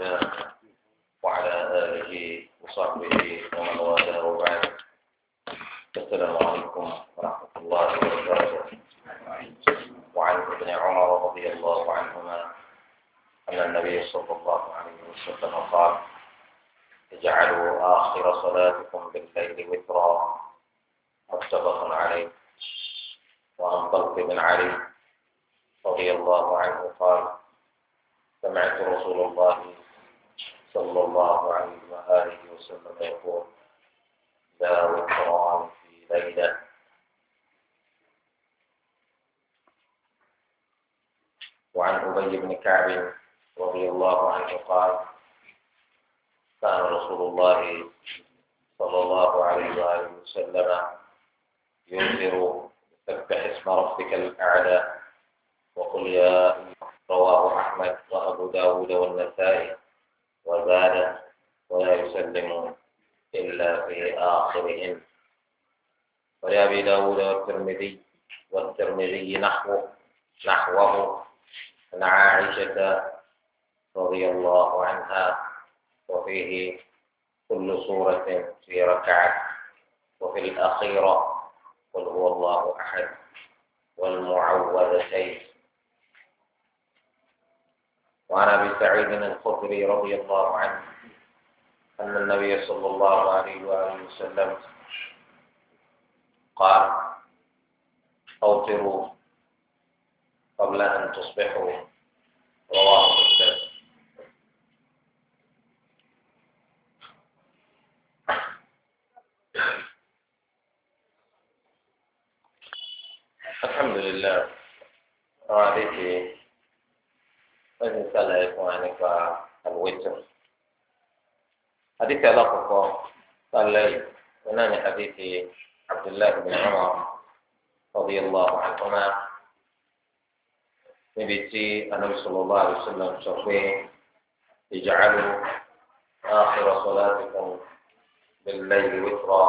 هشام وعلى آله وصحبه ومن والاه وبعد السلام عليكم ورحمة الله وبركاته وعن ابن عمر رضي الله عنهما أن النبي صلى الله عليه وسلم قال اجعلوا آخر صلاتكم بالليل وترا متفق عليه وعن طلق بن علي رضي الله عنه قال سمعت رسول الله صلى الله عليه وآله وسلم يقول لا وقران في ليلة وعن أبي بن كعب رضي الله عنه قال كان رسول الله صلى الله عليه وآله وسلم ينذر سبح اسم ربك الأعلى وقل يا رواه أحمد وأبو داود والنسائي وزاد ولا يسلم إلا في آخرهم ولأبي داود والترمذي والترمذي نحوه نحوه عن عائشة رضي الله عنها وفيه كل سورة في ركعة وفي الأخيرة قل هو الله أحد والمعوذتين وعن ابي سعيد الخدري رضي الله عنه ان النبي صلى الله عليه واله وسلم قال اوطروا قبل ان تصبحوا رواه مسلم الحمد لله هذه wọ́n ti sàlàyé fún wa nípa àlùwẹ̀tọ̀. حديث على قال لي ونام حديث عبد الله بن عمر رضي الله عنهما نبيتي النبي صلى الله عليه وسلم شرفين اجعلوا آخر صلاتكم بالليل وترا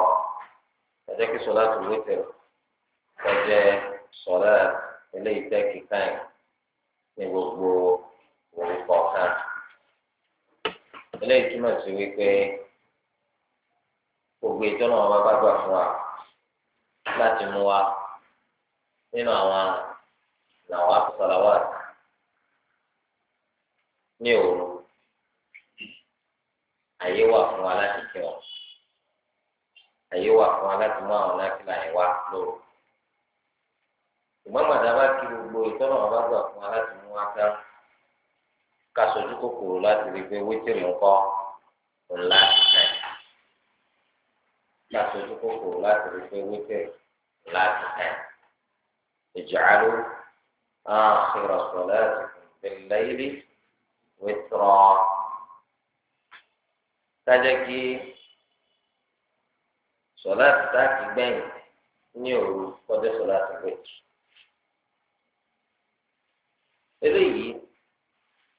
فذاك صلاة الوتر فجاء صلاة الليل تاكي كان نبغو orúkọ kan eléyìí túmọ̀ sí wípé gbogbo ìtọ́nà ọba bá gbà fún wa láti mú wa nínú àwọn làwọn àtúnṣàlàwà ní òru àyè wà fún wa láti kí wọn àyè wà fún wa láti mú àwọn láti láyè wá lóru ìgbọ́n gbàdá bá kí gbogbo ìtọ́nà ọba gbà fún wa láti mú wa dáhùn ká sojú kòkòrò láti rí i pé wítìrì ńkọ́ ńlá tẹ̀ ká sojú kòkòrò láti rí i pé wítìrì ńlá tẹ̀ ìjàlú àkìrọ̀ sọ̀lá ìlẹ́yìlì wítìrọ̀ sájẹ́ kí sọ̀lá ti dáàkì gbẹ̀yìn ní òru kọjá sọ̀lá ti wítìrì eléyìí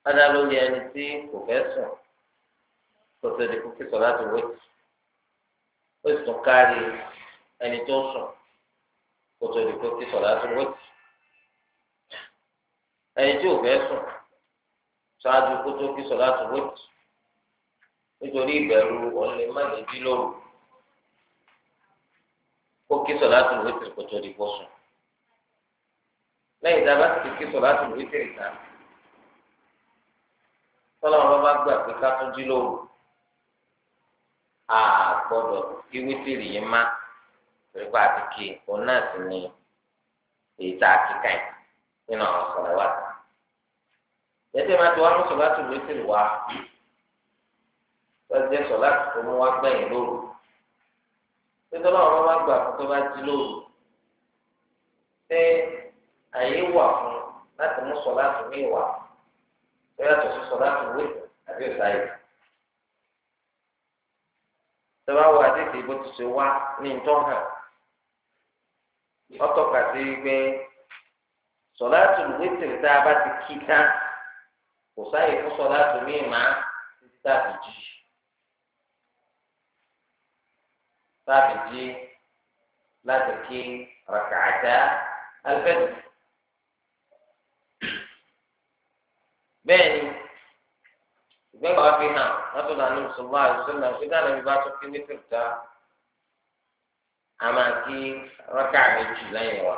ádá lórí ẹni tí kò fẹ́ sùn kò tó di kókè sọ láti wéjì ó sì tún kárí ẹni tó sùn kò tó di kókè sọ láti wéjì ẹni tí ò fẹ́ sùn ṣáájú kó tó kí sọ láti wéjì nítorí ìbẹ̀rù ọ̀lẹ́ má lè dí lóru kó kí sọ láti wéjì kò tó lẹ́yìn tá a bá ti kí sọ láti wéjì ìta tọ́lọ́mọ bá bá gbà pé ká tún jí lóru àgbọ̀dọ̀ kí wítìrì yìí má torí pé àtìkè òun náà sì ni èyí tá a kí ká yìí nínú àwọn sọ̀rọ̀ wà tá. Yẹ́tẹ́ máa ti wá mú sọ̀lá tó wítìrì wá lọ́jọ́ sọ̀lá tó mú wá gbẹ̀yìn lóru. Pé tọ́lọ́mọ bá gbà pé tó bá jí lóru pé àyè wà fún láti mú sọ̀lá tó mí fún. yàtọ̀ sí sọlá tó wé àbí ọ̀sá yìí. tọ́ba wo àdéhùn ìbò tó ṣe wá ní ntọ́ hàn ọtọ́ka sí pé sọlá tó wé tèrè tá a bá ti kí ká kò sáyè fún sọlá tó mí mà á títí táàbì jí táàbì jí láti kí ràkàtà alifẹ́tì. nígbà wàá fi hàn látọ̀ náà nínú sọ̀rọ̀ àìsàn náà ṣé dáná bí bá tó kí ní kìrìtà a máa kí rákà méjì lẹ́yìn wa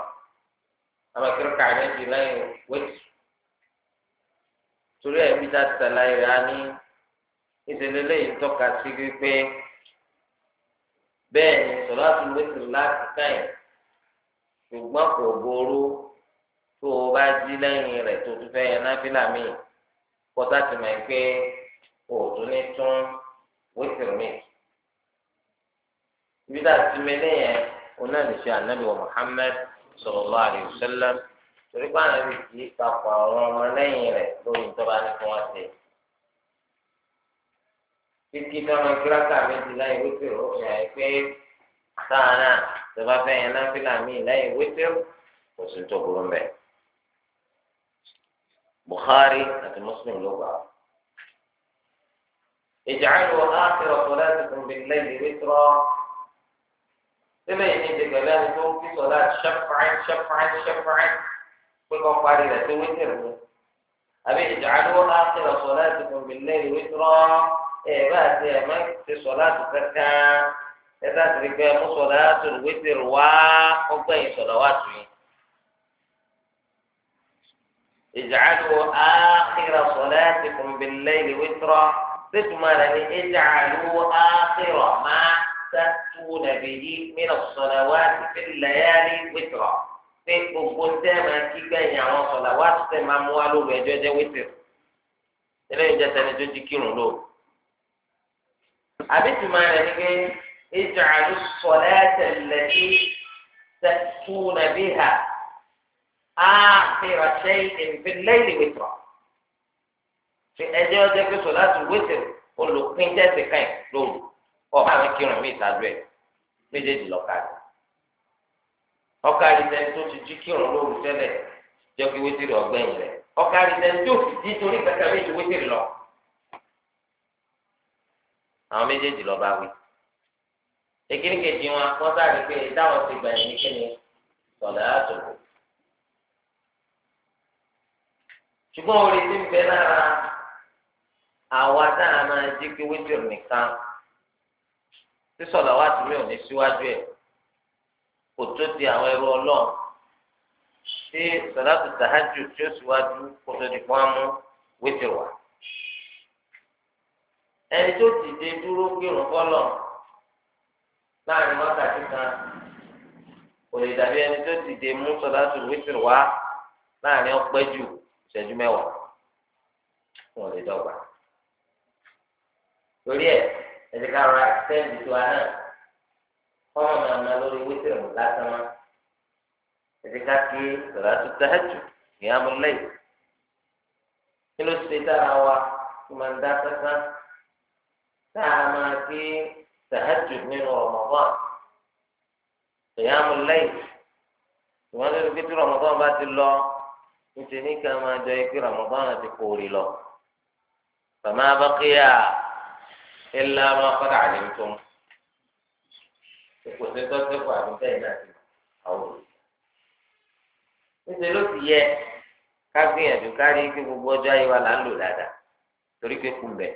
a máa kí rákà méjì lẹ́yìn wẹ́tì torí ẹ̀ bí dáa sàlàyé rà ní ìṣẹ̀lẹ̀ lẹ́yìn tọ́ka sí wípé bẹ́ẹ̀ ni sọ̀rọ̀ àti wẹ́tì láti káyìn ṣùgbọ́n kò ború tó o bá jí lẹ́yìn rẹ̀ tó tún fẹ́ yẹn náfìlà míì kọ́tà ti mọ̀ pé òòtú ní tún wíṣìrì mi. ibi tá a ti mẹ́lẹ́ yẹn òun náà lè ṣe ànábì wa Muhammad sallallahu alaihi wasallam torí pé ànábì kì í papọ̀ àwọn ọmọ lẹ́yìn rẹ̀ lórí ìjọba ní fún wọn ṣe. títí táwọn kíláàsì méjì láì wíṣìrì ó fi hàn pé sáà náà ìjọba fẹ́ yẹn náà fílà míì láì wíṣìrì kò sí tó burú mbẹ́. Bukhari àti Muslim ló gbà á. اجعلوا آخر صلاتكم بالليل وترا لما يجد كلامكم في صلاة شفعا شفعا شفعا كل ما قال إذا وتر أبي اجعلوا آخر صلاتكم بالليل وترا إيه بس يا مك في صلاة زكاة إذا تركوا صلاة الوتر وقبل صلوات اجعلوا آخر صلاتكم بالليل وترا tẹ́tùmọ̀ rẹ̀ ní ẹ̀jẹ̀ àlù ákérò máa tẹ́tù nàbẹ̀yí mìíràn sọ̀rọ̀ wá ti fi lẹ́yàrí wítìrọ̀ pé gbogbo tẹ́ máa kí gbẹ̀yìn àwọn sọ̀rọ̀ wá ti tẹ́ máa mú wá lóru ẹjọ́ jẹ́ wítìrọ̀ tẹ́lẹ̀ ìjẹ́ tẹ́ni tó ti kírun lò. àbí tùmọ̀ rẹ̀ ní pé ẹ̀jẹ̀ àlù sọ̀rọ̀ tẹ̀lẹ̀tì tẹ́tù nàbẹ̀yà ákérò ṣẹ́yìn ṣe ẹjẹ ọjọ pé sọ láti wẹsẹ olùpín tẹsí káyìn lóru ọba mi kírun mi ìtajú ẹ méjèèjì lọkàrí ọkàrí tẹni tó ti jí kírun lóru tẹ́lẹ̀ jẹ kí wẹsẹ rẹ ọgbẹyìn rẹ ọkàrí tẹni tó fi jí torí kẹkẹ méjì wẹsẹ rẹ lọ àwọn méjèèjì lọba wí èkìní kejì wọn wọn sáré pé táwọn ti gbà yín ní kíni sọlẹ àtòkò ṣùgbọ́n orí ti ń bẹ lára àwa náà máa jẹ́ pé wítìrì nìkan tí sọ̀lá wà tún mí ò ní síwájú ẹ̀ kò tó di àwọn ẹrú ọlọ́run tí sọ̀lá tó tàájú tí ó síwájú kò tó di pọ́n mú wítìrì wá. ẹni tó dìde dúró gbèrún bọ́lọ̀ láàrin wákàtí kan kò lè dàbí ẹni tó dìde mú sọ̀lá tó wítìrì wá láàrin ọpẹ́ ìṣẹ́jú mẹ́wàá wọn lè dọ́gba. torí ẹ ẹsẹ ká ra sẹẹdì tó aná kọ́mọ máa ma lórí wíṣẹ̀mù lásán má ẹsẹ ká kí sọ̀rọ̀ àtúntà ẹ̀jù ní amúlẹ́yìn kí ló ṣe dára wa kí máa ń dá sẹ́sẹ́ tá a máa kí sàájú nínú ní ìyáàmú lẹ́yìn ìwọ́n lórí pé tí Ramadan bá ti lọ níṣẹ́ ní ká máa jọ ikú Ramadan ti kòrí lọ bàmá bá abákéyà. إلا ما قد علمتم kò sí tọ́síkò àbúté yìí náà ti àwọn olùsọ. níṣẹ́ ló ti yẹ ká gbìyànjú kárí kí gbogbo ọjọ́ ayé wa là ń lò dáadáa torí pé kú mbẹ́.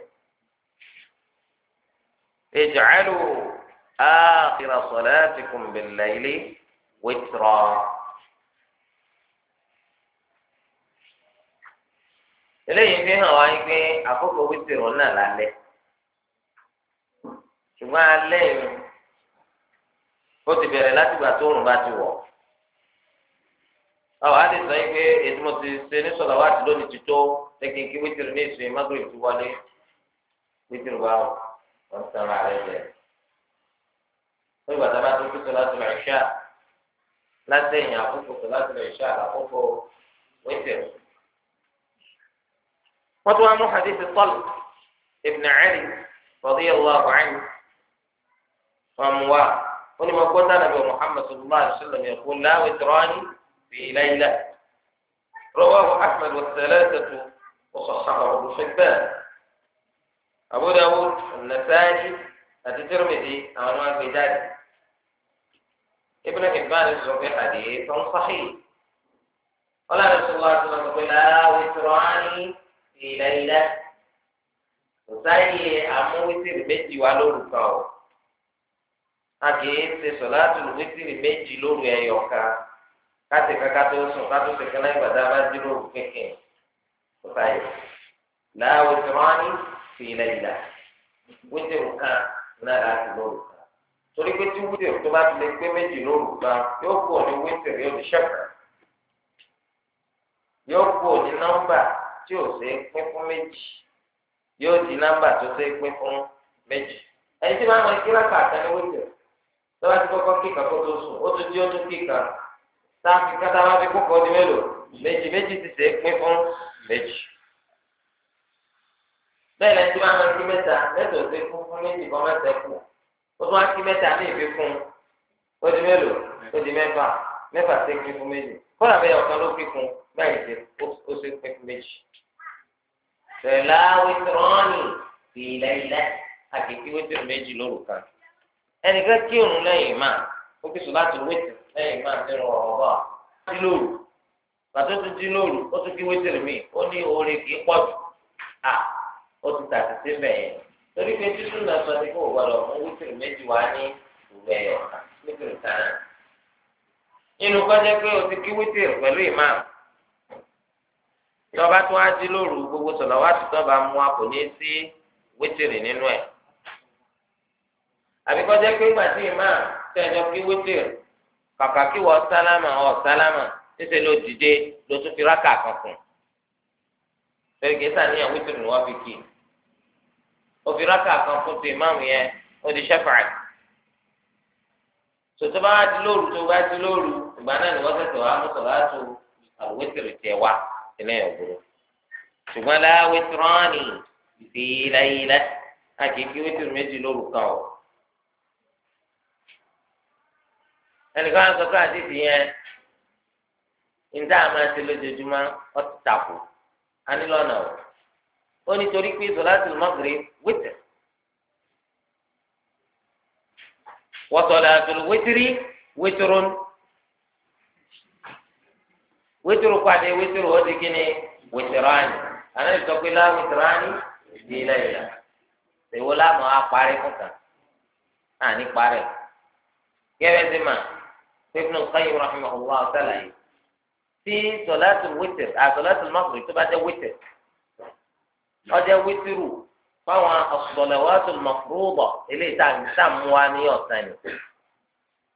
ij'alu akhira salatikum bil-layli witra. eléyìí fi hàn wá pé àkókò wítìrì náà lálẹ́. ṣùgbọ́n alẹ́ yìí ó ti bẹ̀rẹ̀ láti gbà tó òrùn bá ti wọ̀ ọ á sọ yìí pé ètò mo ti ṣe ní sọlá wàá lónìí ti tó lẹ́kìn kí wítìrì ní ìsìn magreth ti wọlé wítìrì wa wọn ti sanra rẹ jẹ ó ìgbà tá bá tó kí sọlá tó lọ láti ẹ̀yìn àkókò àkókò wítìrì. wọ́n tún wá wọn mú wa ó ní mo gbọ́ dáná bí Muhammad sallallahu alayhi wa sallam yẹ kó láwé tọ́ni fi láyìlá rọwọ́ Ahmad wa sẹlẹ̀tẹ̀tù ó sọ sábà ọdún fẹ́fẹ́ Abu Dawud Nasa'i àti Tirmidhi àwọn ọmọ ẹgbẹ́ jáde Ibn Hibban sọ pé àdéhùn tó ń sahih wọ́n láti sọ wá pé láwé tọ́ni fi láyìlá kò sáyé méjì wá lórúkọ a kì í ṣe sọ̀láàtù wítìrì méjì lóru ẹ̀yọ̀ kan káti kaka tó sùn kátó ṣe kan lẹ́yìn bá dúró kékeré tó báyìí láàwọ̀ tí wọ́n ilẹ̀ ìlà wítìrì kan náà láti lóru kan torí pé tí wítìrì tó bá ti lè méjì lóru yóò kú yóò di yóò kú di nọ́mbà tó pín tọ́wá ti kọ́kọ́ kíkà kó tó sùn ó tún jí ó tún kíkà tá a fi kátà wá fi kókò ọdún mélòó méjì méjì ti sè é pín fún méjì. bẹ́ẹ̀ lẹ́yìn tí wọ́n á máa kí mẹ́ta mẹ́ta ò sí fún fún méjì kan mẹ́ta kù ó tún á kí mẹ́ta ní ìfi fún ó mélòó ó mẹ́fà mẹ́fà sí pín fún méjì kọ́lá bẹ́ẹ̀ ọ̀kan ló pín fún báyìí ṣe ó sì pín fún méjì. sẹ̀láwìtìrọ́ọ̀nì ìlẹ̀ ìlẹ̀ àkèké wíṣọ méjì lóru kan. ẹnìkan kírun lẹ́yìn ìmáà ó kí sọláàtì wéètì lẹ́yìn ìmáà nínú ọ̀rọ̀ bá a dín lóru pàtó tún dín lóru ó o gbọdọ̀ mú wéètì rẹ̀ méjì wá ní ìwé ọ̀kan nítorí sáà nínú kọjá pé o ti kí wéètì rẹ̀ pẹ̀lú ìmáà tó lóru gbogbo wá ti àbí kọjá pé ìgbà tí ìmáà tẹjọ kí wítìrì kàkà kí wọ́n sálámà ọ̀ sálámà níṣẹ́ ló dìde ló tún fi rákà kan kùn bẹ́ẹ̀ gẹ́sà ní àwọn wítìrì ni wọ́n fi kì í ó fi rákà kan kùn ti ìmáàmù yẹn ó di ṣẹ́fàrì tòtò bá ti lóru tó bá ti lóru ìgbà náà ni wọ́n tẹ̀sọ̀ wá mú sọ̀rọ̀ àtò àwòtìrì tiẹ̀ wá ilé ọ̀gbọ́n ṣùgbọ́n láwé tìrọ́ọ̀nì ìfìlà ilẹ̀ a kì í kí wítìrì méjì lóru kan o. ẹnìkan á sọ pé àdìsí yẹn níta àmà ti lójoojúmọ́ ọtí tako anílọ́nà o ó nítorí pé sọláṣí lọ́gìrì wítẹ̀ wọ́tọ̀lá àtúrò wítìrí wítìrún wítìrú pàdé wítìrú ó di kíni wítìrání ànábi sọ pé láwọn wítìrání di ilé ìlà èwo láwọn á parí àní parí kẹ́rẹ́sì máa. Ibn al-Qayyim rahimahullah sàlàyé tí sọláàtù wítìr àsọláàtù mọ́kùnrin tó bá jẹ́ wítìr ọjọ́ wítìrù fáwọn as-salawatu al-mafruḍa eléyìí tá a mú wa ní ọ̀sán ni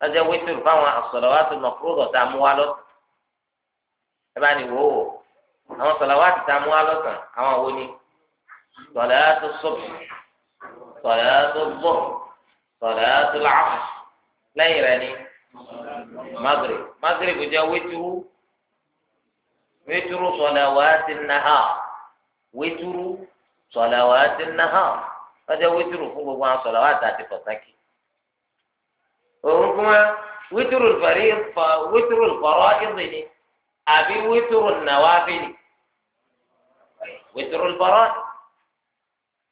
ọjọ́ wítìrù fáwọn as-salawatu al-mafruḍa tá a mú wa lọ́sàn ẹ bá ní wò ó àwọn sọláwàtì tá a mú wa lọ́sàn àwọn wo ni sọláàtù subh sọláàtù dhuhr sọláàtù al-'ashr lẹ́yìn rẹ̀ ni. مغرب مغرب جاء وتر وتر صلوات النهار وتر صلوات النهار هذا وتر فوق عن صلوات تتفكي وهما وتر الفريض وتر الفرائض أبي وتر النوافل وتر الفرائض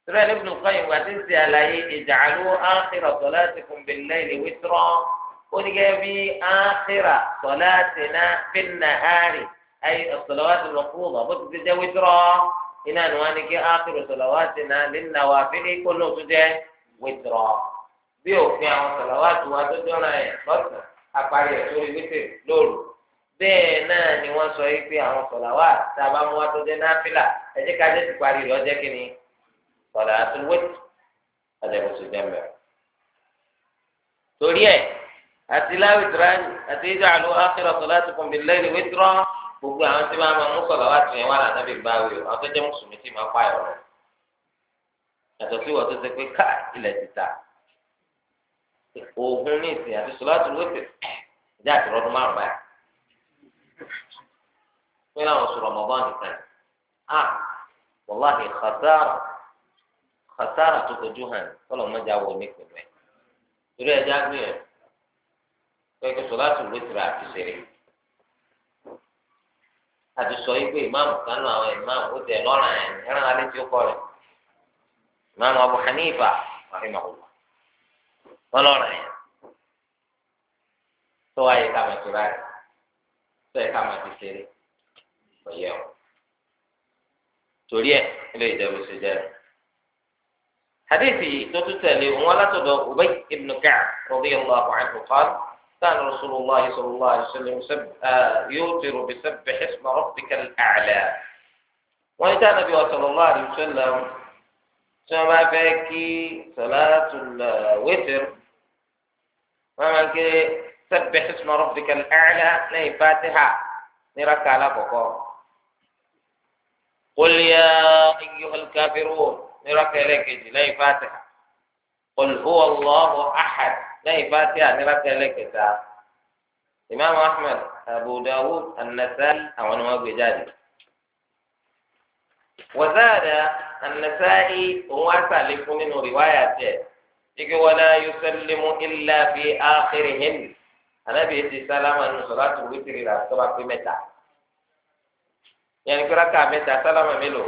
سؤال ابن القيم وتنسي عليه اجعلوا آخر صلاتكم بالليل وترا ونجابي آخرة صلاتنا في النهار أي الصلوات المفروضة بتجا وترا إن أنوانك آخر صلواتنا للنوافل كله تجا وترا بيو في عن صلوات وتجونا بس أقاري سوري وتر لول bẹ́ẹ̀ náà ni wọ́n sọ yìí pé àwọn sọ̀làwà tá a bá mú wa tó jẹ́ náfìlà ẹ jẹ́ ká jẹ́ ti parí rẹ̀ ọjọ́ kìíní sọ̀là àti wẹ́tì ọjọ́ kò sì jẹ́ mẹ́rin. torí ẹ̀ àti láwì tíráyì àti ìjà àlù ákìrọ̀ sọ láti kùn bìlẹ̀ ìlú wíjúrọ̀ gbogbo àwọn tí wọn máa mú sọ̀rọ̀ wá tìyẹn wà lànàbí gbà wí o àwọn tó jẹ́ mùsùlùmí tí máa pa ẹ̀rọ yàtọ̀ sí wọ́n tó ṣe pé ká ilẹ̀ ti ta òògùn ní ìsìn àti sọ láti lóòtẹ̀ ìjà àti rọdún márùn báyìí pé láwọn sọ Ramadan nìkan à wàláhì kàtàrà kàtàrà tó kojú hàn kọ́lọ̀ mọ́jà wọ ní pẹ̀lú ẹ̀ kẹ́kẹ́ sọ láti wítìrì àti sèré àti sọ yìí pé ìmáàmù kánú àwọn ìmáàmù ó tẹ lọ́rùn ẹ̀ ẹ̀ràn alẹ́ tí ó kọ́ rẹ̀ ìmáàmù Abu Hanifa rahimahullah wọn lọ́rùn ẹ̀ tó wáyé ká máa tura rẹ̀ tó yẹ ká máa ti sèré kò yẹ o torí ẹ ilé ìjẹun ṣe jẹ hadithi tó tún tẹ̀lé wọn látọ̀dọ̀ Ubay ibn Ka'b radiyallahu anhu qala. كان رسول الله صلى الله عليه وسلم آه، يوتر بسبح اسم ربك الأعلى وإن كان النبي صلى الله عليه وسلم سما فيكي صلاة الوتر ومن كي سبح اسم ربك الأعلى لي فاتحة نراك على فوقه قل يا أيها الكافرون نراك إليك لي فاتحة قل هو الله أحد lẹ́yìn fati aniraka ẹlẹ́kẹta imam ahmed abu dawud anasai àwọn ni wọ́n gbé jáde wàzáàdà anasai òun àtàlẹ fún nínú rìwáyà tẹ ike wala yusallimu illa fi akhirihin anabi eti sálámà nù sọlá tó wítìrì rà tó bá pé mẹ́ta yẹn kíra ká mẹ́ta sálámà mélòó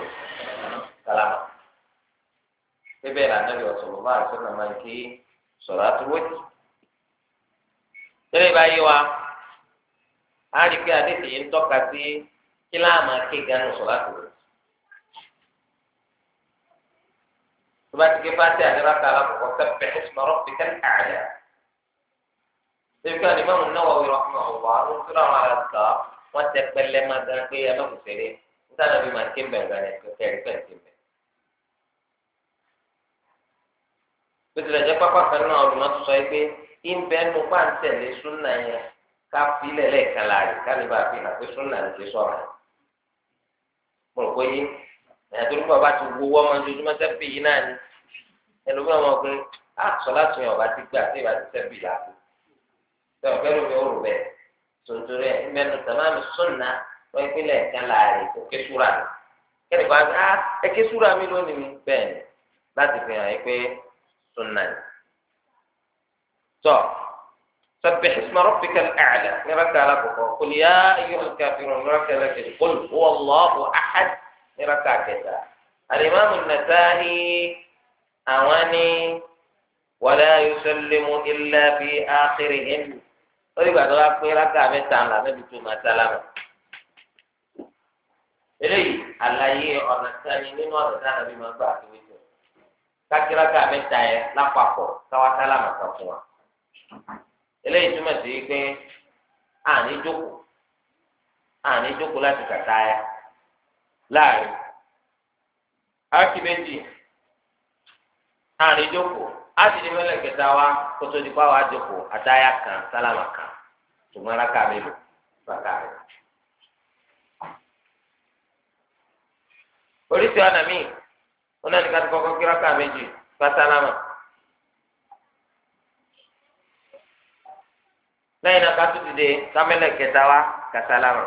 sálámà bíbélà anabi ọsọlọ bá àṣọ nàmà sọ̀láàtù wítìrì. tẹ́lẹ̀ báyìí wa a rí pé àdéhùn yìí ń tọ́ka sí kí láàmà ké ganu sọ̀láàtù wítìrì. tó bá ti ké fáti àdéhùn ká alákọ̀ọ́kọ́ sẹ́pẹ̀ ẹ̀sùn ọ̀rọ̀ fi kẹ́lẹ́ àyà. tẹ́lẹ̀ báyìí Imam Nawawi rahimahullah àwọn tó rà wọn àgbà wọn tẹ pẹlẹ máa gan pé ẹ bẹ́sẹ̀ lẹ́jẹ́ pápá kan náà ọdún náà sọ pé ìbẹ́ nu pàǹtẹ̀ lé súnà yẹn ká filẹ̀ lẹ́ẹ̀kan láàrin káàní bá fi hàn pé súnà lè fi sọ̀rọ̀ mo rò pé yé ẹ̀yà tó ní bàbá ti wo wọ́n máa ń dojúmọ́ sẹ́fì yìí náà ni ẹlòmíràn máa gbé àṣọ láti yan ọba ti gbà tí ìbá ti sẹ́fì yà á tó ọ̀fẹ́ ló fi òrò bẹ́ẹ̀ tòǹtòrò ẹ̀ mẹ́nu tàmáàmù súnà wọ́n ìpínlẹ̀ kan láàrin òkè súra kẹ́ni bá ẹ ké súra mi lónìí bẹ́ẹ̀ láti fi hàn yín pé súnà ni. tọ́ سبح اسم ربك الأعلى نرك على بقى قل يا أيها الكافرون نرك لك قل هو الله أحد نرك كذا الإمام النسائي أواني ولا يسلم إلا في آخرهم ó dìgbà tó bá pé rákà mẹ́ta ńlá mẹbi tó máa sálámà eléyìí àlàyé ọ̀nà sani nínú ọ̀nà sáni bí máa gbà àti kákìrákà ka yẹn lápapọ̀ káwá sálámà kan fún wa eléyìí túmọ̀ sí pé àní jókòó àní jókòó láti kàtá yá láàrin áàkì méjì àní jókòó áàkì ní kẹta wa kótó di pa wa kan sálámà kan ṣùgbọ́n ara kàmi lò bàtà oríṣi ọ̀nà wọn náà ní ká ti kọ́kọ́ kíra ká méjì pátálámà lẹ́yìn náà ká tún dìde kámẹ́lẹ̀ kẹta wá kátálámà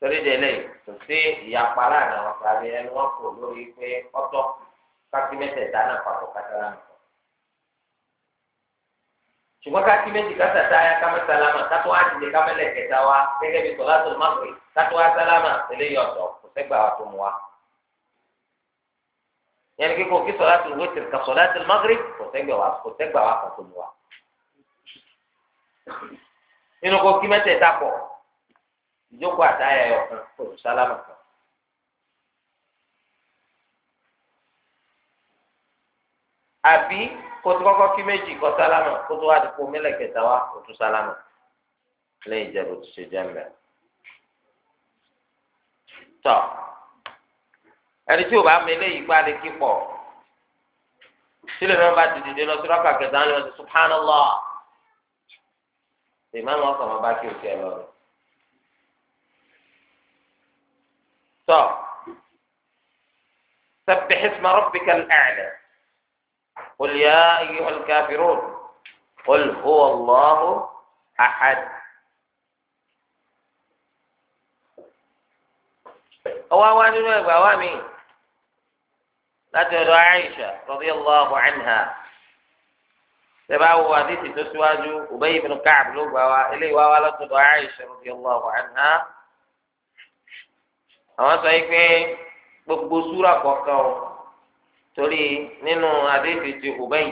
torí délé kò sí ìyapa láàrin àwọn sáré ẹni wọn kò lórí pé ọ̀tọ̀ kákí mẹ́tẹ̀ẹ̀ta náà papọ̀ kátálámà ṣùgbọ́n ká kí méjì ká tàtà ya ká mẹ́ta lámà ká tó wá dìde ká mẹ́lẹ̀ kẹta wá gẹ́gẹ́ bí sọ̀lá tó má pè ká wá sálámà tẹ́lẹ̀ yọ̀tọ̀ sẹ́gbà wa tó mu wa yẹn kíkọ kí sọlá tó wítìrì ká sọlá tó magrib kò sẹ́gbà wa kò sẹ́gbà wa kò tó mu wa nínú kó kí mẹ́tẹ̀ẹ̀ta pọ̀ ìjókòó àtàyà ẹ̀ ọ̀kan kò tó sálámà kan. àbí kótó kọ́kọ́ kí méjì kọ́ sálámà kótó wá dìpọ̀ mílẹ̀ kẹta wa kò tó sálámà lẹ́yìn ìjẹ́bù tó ṣe jẹ́ mẹ́rin. tọ ẹni tí o bá mi léyìí gbá lè kí pọ̀ sílẹ̀ náà bá ti dìde lọ sọ́dọ̀ kàkẹ́tà ni wọ́n ti subhanallah ṣe máa ń wọn sọ̀rọ̀ bá kí o tiẹ̀ lọ rẹ̀ tọ سبح اسم ربك الأعلى قل يا أيها الكافرون قل هو الله أحد ọwọ́ wá nínú ẹgbàá wá mi láti ọ̀dọ̀ Aisha radiyallahu anha tẹ́bá wo àdìsí tó síwájú Ubay ibn Ka'b ló gbà wá eléyìí wá wá lọ́tọ̀dọ̀ Aisha radiyallahu anha àwọn sọ yìí pé gbogbo súra kọ̀ọ̀kan o torí nínú àdìsí ti Ubay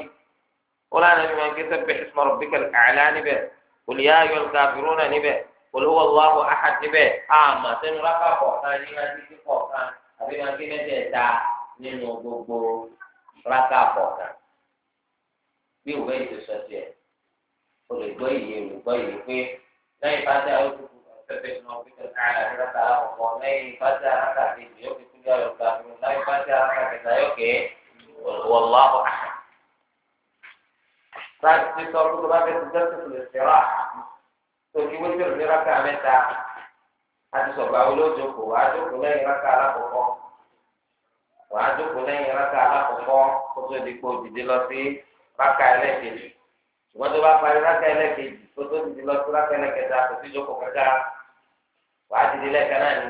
ó lánàá bí wọn gbé sẹ́pẹ̀ isma rabbikal a'la níbẹ̀ qul ya olówó aláwọ ahadibẹ àmà sẹnu rákà kọ̀ọ̀kan ní máa dídí kọ̀ọ̀kan àbí máa gé mẹ́tẹ̀ẹ̀ta nínú gbogbo rákà kọ̀ọ̀kan bí òwe ètò sọtì ẹ olùgbọ́ ìyè olùgbọ́ ìyè pé lẹ́yìn fásitì àwọn olùkọ́ pẹpẹ ní ọbí tó ká àlàyé rákà àkọ́kọ́ lẹ́yìn fásitì àràkà kejì yóò fi kúlẹ ọyọ gbà fún un lẹ́yìn fásitì àràkà kẹta yóò kẹ olùwọ aláwọ ahad. sáà ti sọ fún mi bá fẹ́ ti dẹ́kun tòkí wíṣọ ní raka mẹ́ta àti sọgbà olójoko wàá jókòó lẹ́yìn raka alákọ̀ọ́kọ́ wàá jókòó lẹ́yìn raka alákọ̀ọ́kọ́ kó tó di kó dìde lọ sí raka ẹlẹ́kejì ṣùgbọ́n tó bá parí raka ẹlẹ́kejì kó tó dìde lọ sí raka ẹlẹ́kẹta kò sí jókòó kẹta wàá dìde lẹ́ka náà ni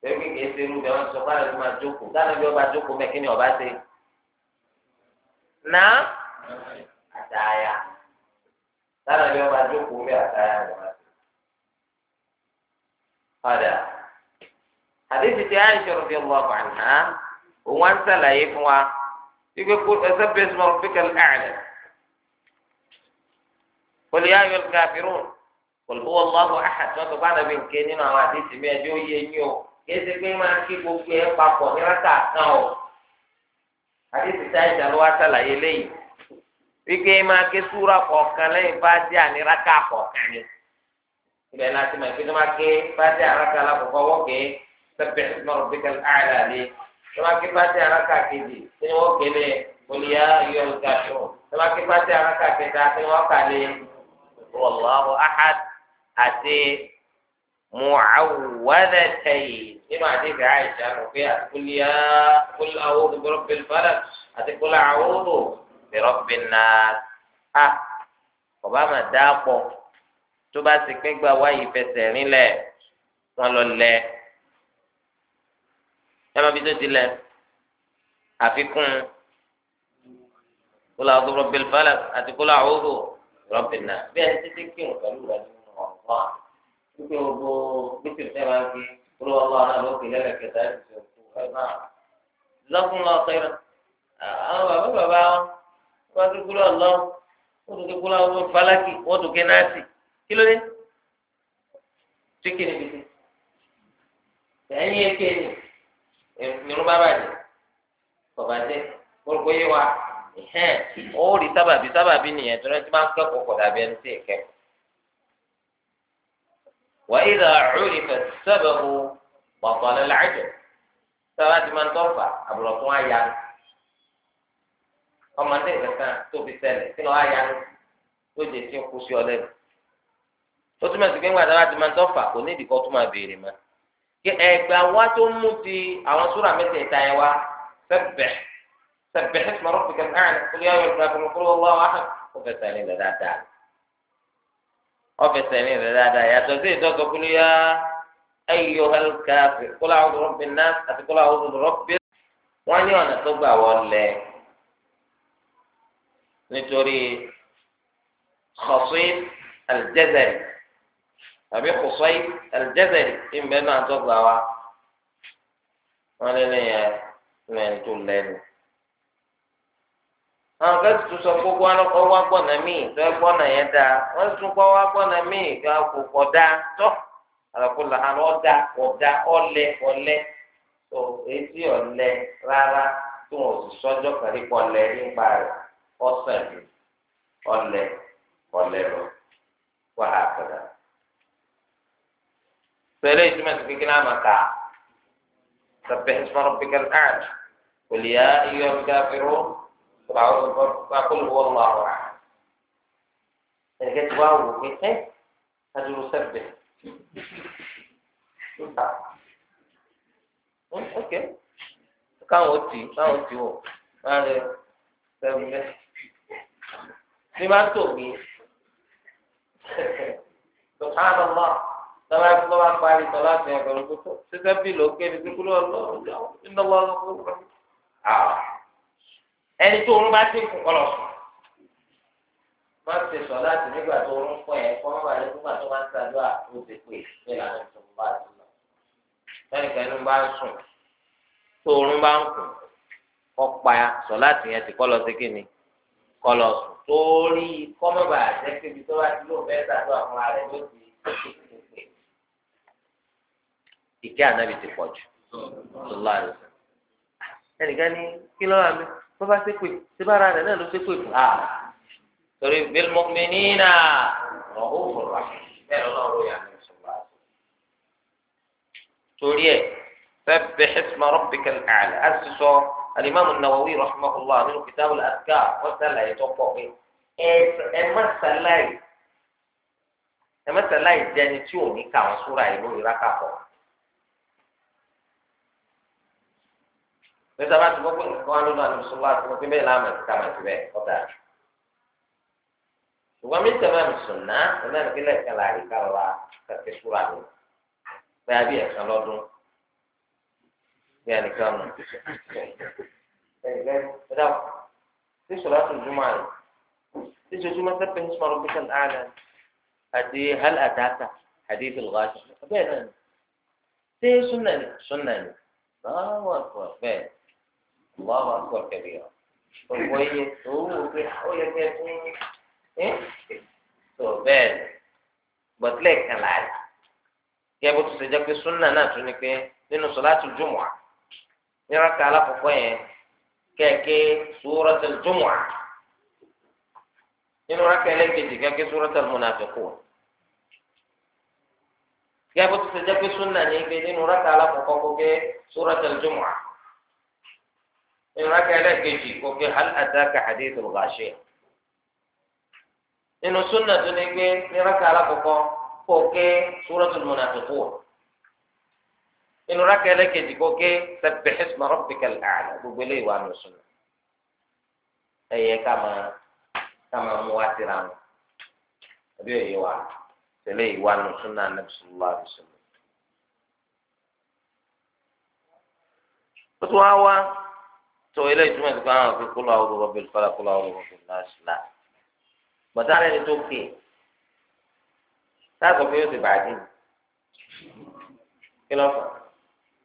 pẹ̀lú kékeré ṣe irú bẹ́ẹ̀ wọ́n sọ fún àwọn ọmọ àjókòó dáná bí ọba àjókòó mẹ́kínni lánàá bí wọn máa jókòó bí àtàyà wọn máa ti. padà àdéhùn ti àìsàn rẹ̀ fi wọ́n wà ná òun á ń sàlàyé fún wa wípé kó ẹsẹ̀ bẹ́ẹ̀ sọ wọn fíkẹ́ láàrin. olè yá yọ káfírún olùkówó lọ́wọ́ àhàtì tó bá nàbí nké nínú àwọn àdéhùn mi ẹjọ́ yé yín o kìí pé máa kí gbogbo ẹ̀ papọ̀ ní kan o àdéhùn ti àìsàn ló sàlàyé léyìí wíkẹ́ máa ké súra kọ̀ọ̀kan lẹ́yìn fásitì àníraka kọ̀ọ̀kan ni ibẹ̀ náà ti máa ké máa ké fásitì àníraka lákòókò wọ́n ké sẹ́pẹ̀ mọ̀rọ̀ bíkẹ́ àìlà lé máa ké fásitì àníraka kejì tí wọ́n ké lé olùyà yọ ọ̀gá tó máa ké fásitì àníraka kẹta tí wọ́n kà lé wallahu ahad àti mu'awwadatayn nínú àdéhùn àìsàn òfin àti kúlíà kúlíà àwọn bẹ̀rọ̀bì náà a bàbá mà dá pọ̀ tó bá ti pín gba wáyé fẹsẹ̀ rinlẹ̀ wọn lọ lẹ ẹ má bí tó ti lẹ àfikún kó làwọn tó rọbì falẹ àti kó làwọn ó rò bí ẹni títí kí n pẹ̀lú rẹ nínú ọgbọ́n wípé gbogbo gbèsè fẹ́ máa fi kúrò ọlọ́wọ́ náà ló fi lẹ́lẹ̀ kẹta ẹ̀ ti sọ̀tún ẹ̀ náà lọ́kùnrin ọ̀kẹ́rẹ́ àwọn bàbá bàbá wọn wọn kí kúlọ lọ wọn tún kí kúlọ wọn falaki wọn tún kí náàsì kí ló dé tíkìnì bìtì ẹ̀yìn èké ni ìrún bá bàjẹ́ kọ̀bàjẹ́ kórìkó yé wa ẹ̀hẹ́n ó rí sábàbí sábàbí nìyẹn tó lọ́jọ́ máa ń kẹ́kọ̀ọ́ kọ̀ dàbí ẹni tí ì وإذا عرف السبب بطل العجب سبب من ترفع أبو رسول ọmọdé kankan tó fi ṣẹlẹ̀ kí lọ́ọ́ ayanu tó jẹ tí ó kú sí ọlẹ́ mi. ó túmọ̀ sí pé ńgbà táwa ti máa tọ́fà kò ní ìdíkọ́ tó máa béèrè mọ́. kí ẹ̀gbà wa tó mú ti àwọn súrà mẹ́tẹ̀ẹ̀ta yẹn wá sẹ́bẹ̀ sẹ́bẹ̀ ẹ̀sìn ọ̀rọ̀ fìkẹ́ náà kó yá yọ̀ ìgbà fún kúrò wá wá ó fẹ́ sẹ́yìn rẹ̀ dáadáa. ó fẹ́ sẹ́yìn rẹ̀ dáadáa yàtọ̀ sí ìtọ́sọ nítorí Khasif al-Jazari tàbí Khusayf al-Jazari ìmùbẹ́ náà tó gbà wá wọn lé ní yẹn ní ẹni tó lẹ́nu. àwọn kan tuntun sọ gbogbo ọlọ́kọ̀ wá gbọ́nà míì tó ẹ gbọ́nà yẹn dáa wọ́n tún kọ́ wá gbọ́nà míì tó a kò kọ́ dáa tọ́ àlọ́kùnrin àná ọ̀dà ọ̀dà ọ̀lẹ̀ ọ̀lẹ̀ tó etí ọ̀lẹ̀ rárá tó wọn sì sọ́jọ́ kàrí pọ̀ lẹ́ nípa rẹ̀ ọ̀sẹ̀ ju ọ̀lẹ̀ ọ̀lẹ̀ lọ wà á kọ̀dà. Sọ̀rọ̀ ìtumọ̀ sí kékeré àmà ká sọ̀bẹ̀ ìsọ̀rọ̀ pẹ̀kẹ́ àj kò lè yá iye ọ̀rọ̀ gáfẹ́rọ́ tọ̀bà àkọlù wọ́n wà wà. Ẹ̀gẹ́ tí wàá wò pé ẹ́ adúrú sẹ́bẹ̀. Hm, ok, káwọn ó tì í, káwọn ó tì í wò, wọ́n á lè sẹ́bẹ̀ ní máa ń tò mí sọ̀tàn ọmọ tọ́lá tí wọ́n bá parí tọ́lá tí wọ́n bẹ̀rù kótó ṣíṣẹ́ bí ló ké ní kíkúrú ọlọ́run ní ọlọ́run lọ́kọ́ ẹni tó orun bá ti kú kọ́ lọ sùn má ṣe sọ láti nígbà tó orun pọ̀ ẹ̀ kọ́ mọ́ba ní nígbà tó bá ń ṣàdúrà ó ti pè é lànà tó bá ti lọ lẹ́nìkan inú bá ń sùn tó orun bá ń kù kọ́ pa sọ láti yẹn ti kọ́ lọ sí kíni kọlọ torí kọ́mọ́bà àjẹpẹ́bi tó bá ti lóun fẹ́ sàtọ́ àwọn ará yóò ti pèpè. ìkẹ́ ànábì ti pọ̀ jù lọ́la rẹ̀ sọ. ẹnìkan ní kí lọ́wọ́ mi bó bá ṣépè tí bára rẹ̀ náà ló ṣépè fún a. torí bil mu'minina ọ̀hún fòrò bẹ́ẹ̀ lọ́wọ́ ló yà ní ìṣòro àti. torí ẹ̀ sabbih isma rabbikal a'la àṣìṣọ́. alimami nawawi rahimahullah nínú kitabu al-azkar wọ́n sàlàyé tó pọ̀ pé ẹ má sàlàyé ẹ má sàlàyé jẹni tí ò ní kà wọn súra yìí lórí rákà pọ̀. nígbà bá ti gbọ́ pé nǹkan wà lónìí àti mùsùlùmá àti mùsùlùmá bẹ́ẹ̀ láàmà ti kàmà ti bẹ́ẹ̀ ọ̀dà. ṣùgbọ́n mi tẹ̀lé mùsùlùmá ọ̀nà ìpínlẹ̀ kan láàrin káwa sura mi bẹ́ẹ̀ bí ẹ̀kan lọ́dún. يعني كان طيب في صلاة الجمعة في صلاة الجمعة سبح اسم ربك الأعلى هل أتاك حديث الغاشي بيه في سنة سنة الله أكبر بيه الله أكبر كبيرة كويس ويا كيف ايه تو بيه بطلق كان العادي كيف تسجد في السنة نفسه نكفي لأنه صلاة الجمعة nira níraka alákọ̀ọ́kọ́ yẹn kẹ̀kẹ́ suratul jumu'ah nínú raka ẹlẹ́kẹ̀jì kẹ̀kẹ́ suratul munafiqun kɛkɛ tó ṣe jẹ́ pé súnà ní ibi nínú raka alákọ̀ọ́kọ́ kó kẹ́ suratul jumu'ah nínú raka ẹlẹ́kẹ̀jì kó kẹ́ hal ataka hadithul ghashiyah nínú súnà tó ní gbé ní raka alákọ̀ọ́kọ́ kó kẹ́ suratul munafiqun. inú rákà ẹlẹ́kejì kó ké sabbih isma rabbikal a'la gbogbo eléyìí wà ní sunna ẹ̀yẹ ká máa ká máa mú wá síra wọn àbí ẹ̀yẹ wa tẹ̀lé ìwà yɛ wa tɛlɛ tele iwa ni sunna Nabi sallallahu alaihi wasallam. ó tún wá wá tó eléyìí túmọ̀ sí pé àwọn òfin kúlọ̀ àwọn olùkọ́ bẹ̀rẹ̀ fọlá kúlọ̀ àwọn olùkọ́ bẹ̀rẹ̀ náà ṣì náà bọ̀dá rẹ̀ ni tó ké sáà sọ pé yóò ti bàjẹ́ kí ló fà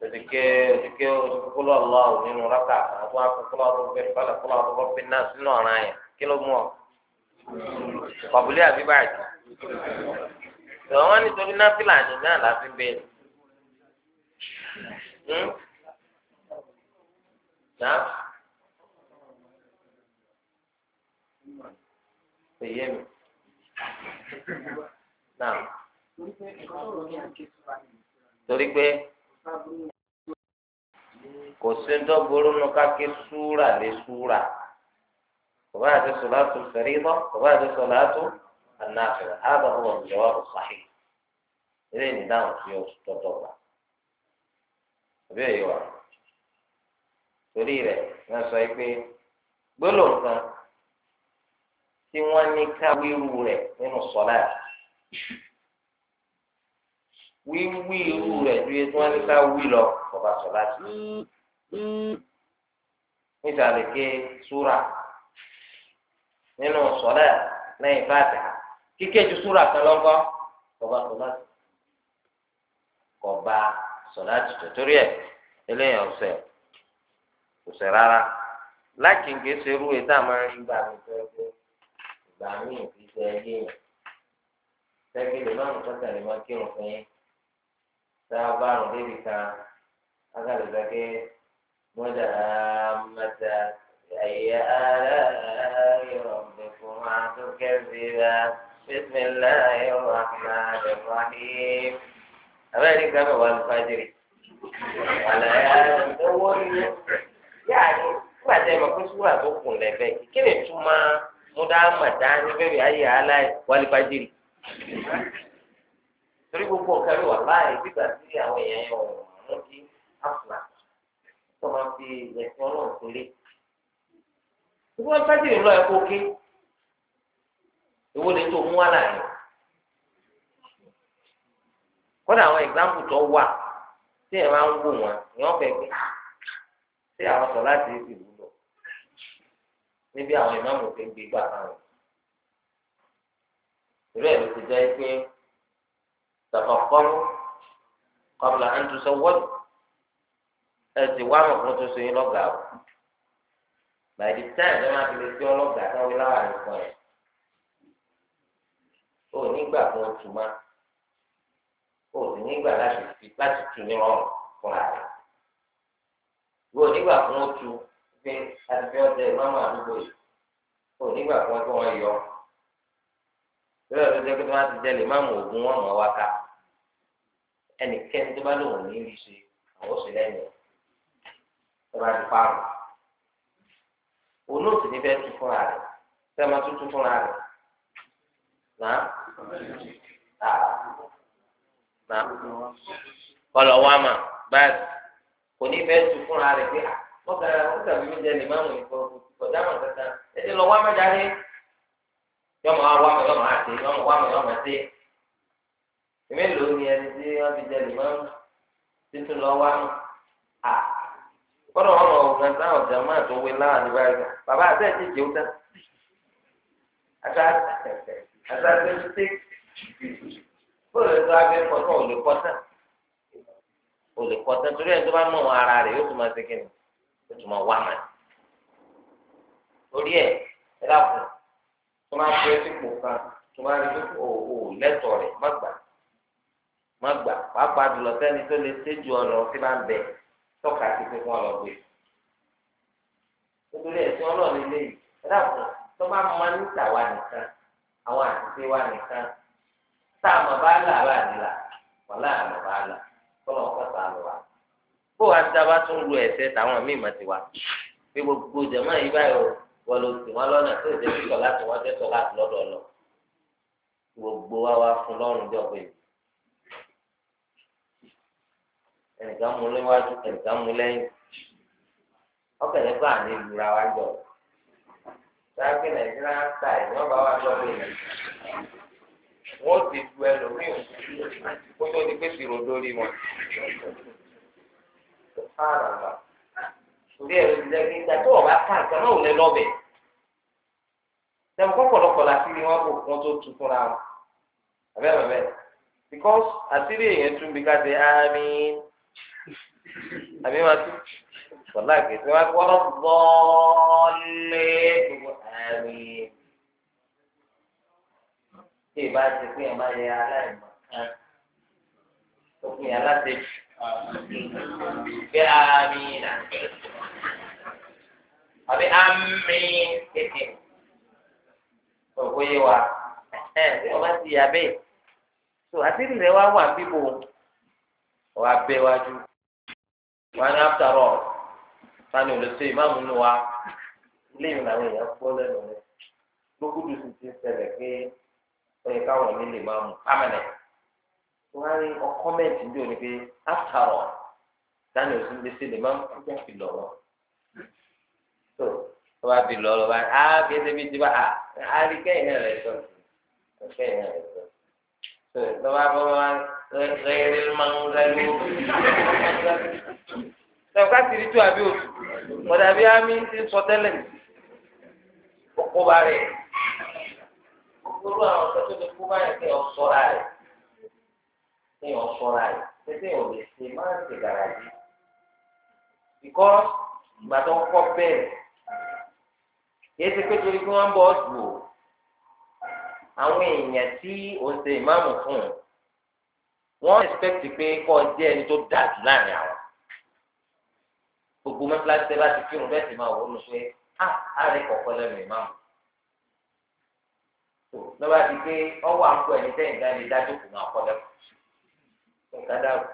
tẹ̀síkẹ́ tẹ̀síkẹ́ kóló aláwọ̀ nínú rákà àtúwà kóló àtúwà bẹ́ẹ̀ falẹ̀ kóló àtúwà bẹ́ẹ̀ náà sínú ọ̀ràn yẹn kí ló mú ọ. kọ̀bùlé àbí báyìí. tọ̀ wọ́n nítorí náfìlà ní náà láti bẹ́ẹ̀. nà èyí mi nà torí pé. kò sí ń dọ́gboro nu káké súra lé súra kò bá àti sọláàtú fẹ̀rídọ́ kò bá àti sọláàtú anáfẹ̀rẹ̀ ábà wọ̀ ọ̀sáhì ilé tí ó tọ́tọ̀ wà. àbí torí rẹ̀ wọ́n sọ pé gbólóhùn tí wọ́n wíwí irú rẹ̀ ju etí wọn ní ká wí lọ ọba sọ láti nísàlẹ̀ ké súra nínú sọlá lẹ́yìn fàtà kíké ju súra kan lọ́kọ́ ọba sọ láti kọba sọlá tuntun torí ẹ eléyàn ọsẹ ọsẹ rárá láti ń gbèsè irú etí àmọ́ ìgbà mi tó ẹgbẹ́ ìgbà mi ìfi ṣe ẹgbẹ́ yẹn tẹ́gbẹ́ lè má mú kọ́tà lè kírun fún yẹn tá a bá rùn débi kan agbàlùfẹ́ pé mọ́jà mẹ́ta ẹ̀yà ara yọ̀ bẹ̀fọ́ máa tó kẹ́sìrà bísímìlá yọ̀ wà máa lè wá ní. abẹ́rẹ́ nígbà bẹ̀ wà lùfàjìrì àlàyé ẹ̀wọ́ ni yáàni nígbà tí ẹ mọ̀ pé sùúrà tó kùn lẹ́fẹ̀ẹ́ kí ni túmọ̀ mọ́dàmọ̀dá níbẹ̀ bí ayé aláì wà lùfàjìrì torí gbogbo nǹkan yóò wà láàyè gbígbà sí àwọn èèyàn yẹn ọ̀hún àwọn kí áfúlà tó máa fi ẹ̀sìn ọlọ́run sílé. gbogbo ẹgbẹ́ tí ìlú ẹ̀kọ́ ké ìwọ lè tó mú wá láàyè. kódà àwọn ìgbàmpù tó wà tí ẹ̀ máa ń wò wọn ìwọ́n fẹ́ pé ah, ṣé àwọn sọ láti ìwúlò níbi àwọn ìmáàmù tó gbé gbà káwọn. ìrú ẹ̀ ló ti jẹ́ pé tafakkaru qabla an tusawwadu ẹ ti wá mọ̀ fún tuntun yín lọ́gàá o by the time ẹ máa fi lè fi ọlọ́gàá táwọn láwà nìkan yẹn o nígbà kan tuma o sì nígbà láti fi láti tu ní ọrùn fúnra rẹ o nígbà kan tu pé àti fi ọdẹ ìmọ̀mọ́ àdúgbò yìí o nígbà kan tó wọ́n yọ bẹ́ẹ̀ ló jẹ́ pé wọ́n ti jẹ́ lè má mọ ògùn wọn mọ̀ wákàá. ẹnikẹ́ni tó bá lòun ní í ṣe àwọn oṣù lẹ́yìn tó bá ti pààrọ̀ òun náà sì ní fẹ́ tu fúnra rẹ̀ fẹ́ máa tún tu fúnra rẹ̀ náà náà kọlọ̀ wá mà báyìí kò ní fẹ́ tu fúnra rẹ̀ pé wọ́n kàrà wọ́n kàrà mímú jẹ́ limáàmù ìfọ̀ kankan lọ wá mà jáde yọmọ wá mà yọmọ àti yọmọ wá mà yọmọ àti. mélòó ni ẹni tí wọ́n fi jẹ lùmọ́ títún lọ wá mọ́ à kọ́dọ̀ wọn lọ ògùn àti àwọn ọ̀jọ̀ máa tó wé láwọn àdúrà ẹ̀gbà bàbá àti ẹ̀ ti jẹun tán àtàtẹ̀ ṣe bóyá ètò akẹ́kọ̀ọ́ náà ò lè kọ́ tán ò lè kọ́ tán torí ẹni tó bá mọ̀ ara rẹ̀ yóò tún máa ṣe kí yóò tún máa wá mọ́ ẹ̀ torí ẹ̀ ẹ̀ dàpọ̀ tó máa ṣe é sípò kan tó máa rí pé ò rẹ̀ má má gbà pàápàá jùlọ sẹ́ni tó lè séjú ọ̀nà tí bá ń bẹ tọ́ka sí pé kí wọ́n lọ gbé. nítorí ẹ̀sìn ọlọ́ọ̀ni léyìí ẹ̀dá kan tó bá mọ níta wa nìkan àwọn àtúnṣe wa nìkan tá a mọ̀ bá là bá nílà wọ́n láà mọ̀ bá là kọ́lọ̀ ọ̀kọ́ sá lọ wa. bó wa ti dábàá tún lu ẹ̀sẹ̀ táwọn míì mọ̀ ti wa pé gbogbo jẹ̀mọ́ yìí báyìí wọ́n lọ sí wọn lọ́nà tó ìdẹ́sí lọ láti wọ́n tẹ́tọ̀ láti lọ́dọ̀ lọ. gbogbo wa wa fún lọ́rùn jọ̀gbìn ẹnìkan mú léwájú ẹnìkan mú lẹ́yìn ọkẹlẹ bá àní lura wa jọ sáàkì nàìjíríà ń ta ìyọ́n bá wa jọ lónìí wọ́n ti du ẹlòmíì kó tó di pé tìrò dórí wọn sọ́kàràmà torí ẹ̀rọ ìjẹ́ kí n ta tó ọ̀bá ká nǹkan náà ò lẹ lọ́bẹ̀ tẹ̀wọ́n pọ̀lọpọ̀ láti rí wọn kò kún tó tu fúnra wọn àbẹ́rẹ́ bẹ́ẹ̀ because àtìrí èèyàn tún bí ká ṣe ámì àbí máa tú sọlá kìí wá wọ́rọ́ bọ́ọ̀lì gbogbo àmì tí ìbá ti pín ẹ̀ máa yẹ aláìmọ̀ tó pín aláṣẹ bí àmì nà àbí àmì kéde òkú yé wa ọba ti yà bẹ́ẹ̀ tó àtìrì rẹ wà wà bẹ́ẹ̀ wájú. wọn ní after all sani ò lè ṣe ìmáàmù nù wa ilé ìrìn àwọn èèyàn gbọ́ lẹ́nu rẹ̀ gbogbo sì ti ṣẹlẹ̀ pé ó yẹ káwọn ní lè máa mú pàmẹ́lẹ̀ wọn á rí ọkọ ní òní pé after all sani ò sì lè ṣe lè máa mú kúkú àfi lọ́wọ́ tó tó bá fi lọ́ọ́ lọ́wọ́ á fi ẹsẹ̀ bíi ti bá a á rí kẹ́yìn náà rẹ̀ sọ̀tù kẹ́yìn náà rẹ̀ sọ̀tù tó lọ́wọ́ abọ́ wọn. غير المنغلوب sọ̀ká ti rí tó àbí o ọ̀dà bí ámì ti sọ tẹ́lẹ̀ kókó bá rẹ̀ gbogbo àwọn ọ̀sẹ̀ tó lè kó bá rẹ̀ kéèyàn sọ́ra rẹ̀ kéèyàn sọ́ra rẹ̀ tẹ́tẹ́ ò lè ṣe má ṣe gàràjì bìkọ́ ìgbà tó ń kọ́ bẹ́ẹ̀ yéé ṣe pé torí pé wọ́n ń bọ̀ ọ́ dù ó àwọn èèyàn tí òun ṣe ìmáàmù fún un wọ́n expect pé kọ́ ọ jẹ́ ẹni tó dáa jù láàrin àwọn gbogbo mẹ́tíláṣí tẹ́ bá ti kírun bẹ́ẹ̀ sì máa wọ́n lọ pé á àárẹ̀ kọ̀ọ̀kan lẹ́nu ìmáàmù tó lọ́ba ti pé ọwọ́ àpò ẹni tẹ́yìn dá ní dájú kò máa kọ́ lẹ́kọ̀ọ́ nǹkan dáhùn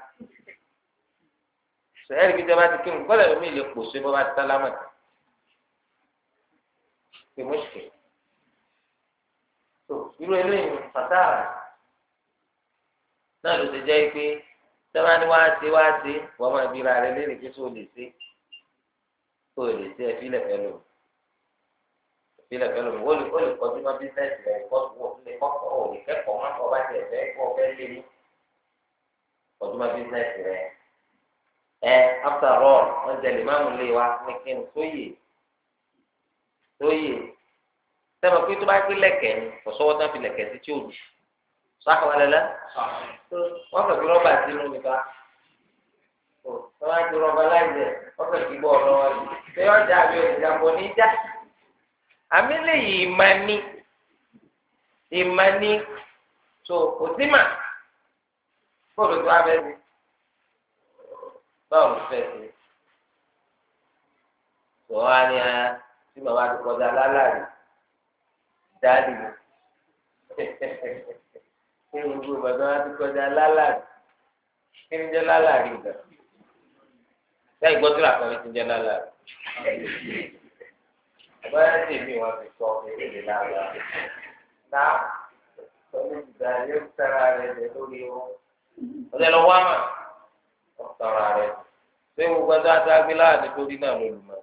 sẹ́yìn ibi tẹ́ bá ti kírun kọ́lẹ̀ lómi lè pò sí bọ́ bá ti sálámà tẹ̀ ṣe mọ́ṣẹ̀kẹ̀ tó irú eléyìí fàtàrà náà ló ti jẹ́ pé sẹ́wọ́n wá sí wá sí wọ́n máa bí ra rẹ léèrè pé sóò lè sí sóò lè sí ẹ̀fílẹ̀ fẹ́lò ẹ̀fílẹ̀ fẹ́lò ó lè ó lè kọjú mọ́ bísíǹsì rẹ̀ kọ́ wò lè kọ́kọ́ ò lè kẹ́kọ̀ọ́ má kọ́ bá tiẹ̀ fẹ́ kọ́ fẹ́ lé mú kọjú mọ́ bísíǹsì rẹ̀ ẹ after all wọ́n jẹ lè má mú lé wa ní kí n sóyè sóyè sẹ́wọ́n pé tó bá pé lẹ̀kẹ́ ni kò sọ́wọ́ sáà wà lẹ́lẹ́ wọ́n fẹ́ fi rọ́bà sínú nìkan wọ́n máa ti rọ́bà láìsẹ̀ wọ́n fẹ́ fi bọ́ ọ̀rọ̀ wọn ṣé ọjà àbí ọjà kò ní já àmì lẹ́yìn ìmọ̀ ni ìmọ̀ ni tó kò sí mà bóòlù tó abẹ́ mi báwo ló fẹ́ ṣe tó wá ní ẹ ah, tí màmá ti kọjá lálàrí dáàdì mi. ní gbogbo bàbá wa ti kọjá lálàrí kí ni jẹ́ lálàrí gbà sẹ́yìn gbọ́ síra kan ti jẹ́ lálàrí báyọ̀ sì ni wọ́n ti sọ èdè lálàrí náà tọ́lú ìgbà yóò tara rẹ̀ lé lórí wọn ọ̀sẹ̀ lọ wá mà ọ̀ tara rẹ̀ pé gbogbo ẹjọ́ àti agbélá àti torí náà ló mọ́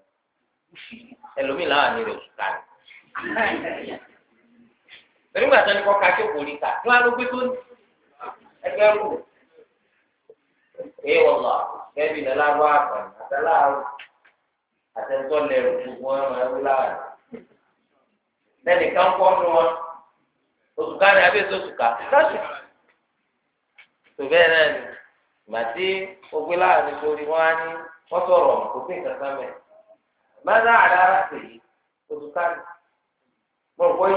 ẹlòmíì láwà ní rẹ̀ òṣùkà rẹ̀ torí gbà tó ní kọ́ kájọ kò rí ká ní wàá ló gbé tó ní ẹgbẹ́ rú èyí wọ́n lọ bẹ́ẹ̀ bí nàlá wà àgbọn àtàlà àtẹnudọ́ lẹ́rù gbogbo wọn máa wí láàyè lẹ́nu kan kọ́ nu wọn oṣù ká ní abẹ́ oṣù ká lọ́sù tó bẹ́ẹ̀ náà ni màtí ogbé láàrin lórí wọn á ní wọ́n sọ̀rọ̀ kò sí nǹkan kan mẹ́ bá dáa dáa oṣù ká ní gbọ̀ngbọ̀n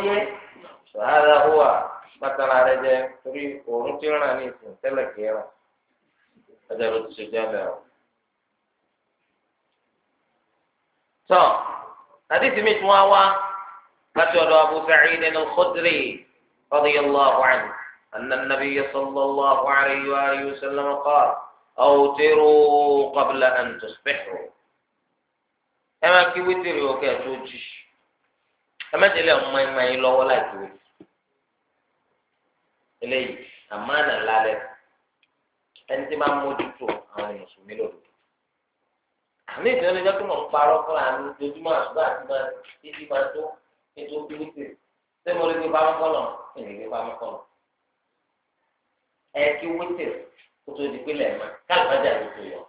هذا هو مثلا رجع تري ونطيرنا نيس تلا كيرا هذا رد سجالة طب حديث ميت واوا فتوى أبو سعيد الخدري رضي الله عنه أن النبي صلى الله عليه وآله وسلم قال أوتروا قبل أن تصبحوا أما كي وتروا كي توجش أما تلي ما يلو ولا كي eléyìí àmánà lálẹ́ ẹni tí máa ń mójútó àwọn mùsùlùmí lòdù àmì ìdílé jẹ́ kí mo parọ́ fún àmì ojoojúmọ́ àdúgbò àti máa títí máa tó ètò pínpín ṣé mo lè gbé pamọ́ kọ́nà kí n lè gbé pamọ́ kọ́nà. ẹ kí wítìrì kó tó di pínlẹ̀ mọ́ kálífàjà ló tó yọ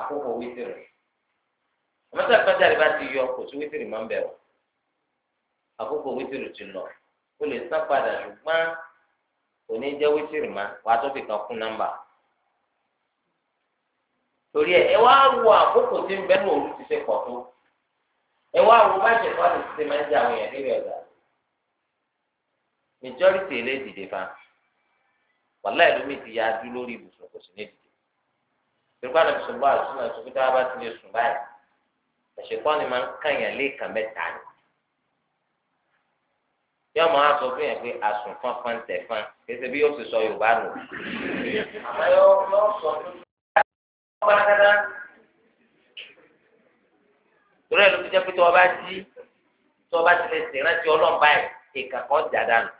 àkókò wítìrì àmọ́ kálífàjà rẹ bá ti yọ kò sí wítìrì máa ń bẹ̀rù àkókò wítìrì ti lọ o lè sá padà ṣùgbọ́n kò ní jẹ́ wítìrì má wàá tó fi kan kún nọ́mbà torí ẹ ẹ wá wo àkókò tí ń bẹ ní òru ti ṣe pọ̀ tó ẹ wá wo bàjẹ́ fáwọn ti ṣe máa ń jẹ àwọn èèyàn níbi ọ̀gá majority ilé dìde fa wàhálà ìlúmi ti ya dú lórí ibùsùn kò sí ní dìde torí pàdé ibùsùn bá àlùsùn náà sọ pé bá ti lè sùn báyìí ẹ̀ṣẹ̀ pọ́n máa ń kàyàn lé ìkà mẹ́ta ni yóò máa sọ fún yẹn pé àsùn fanfan tẹ̀fan kéṣe bí yóò ti sọ yorùbá nù. àmọ́ yóò yóò sọ fún ọba dáadáa. torí ẹ̀ ló fi jẹ́ pé tí wọ́n bá jí tí wọ́n bá ti lè ṣèrántí ọlọ́run báyìí ìkà kan jà dànù.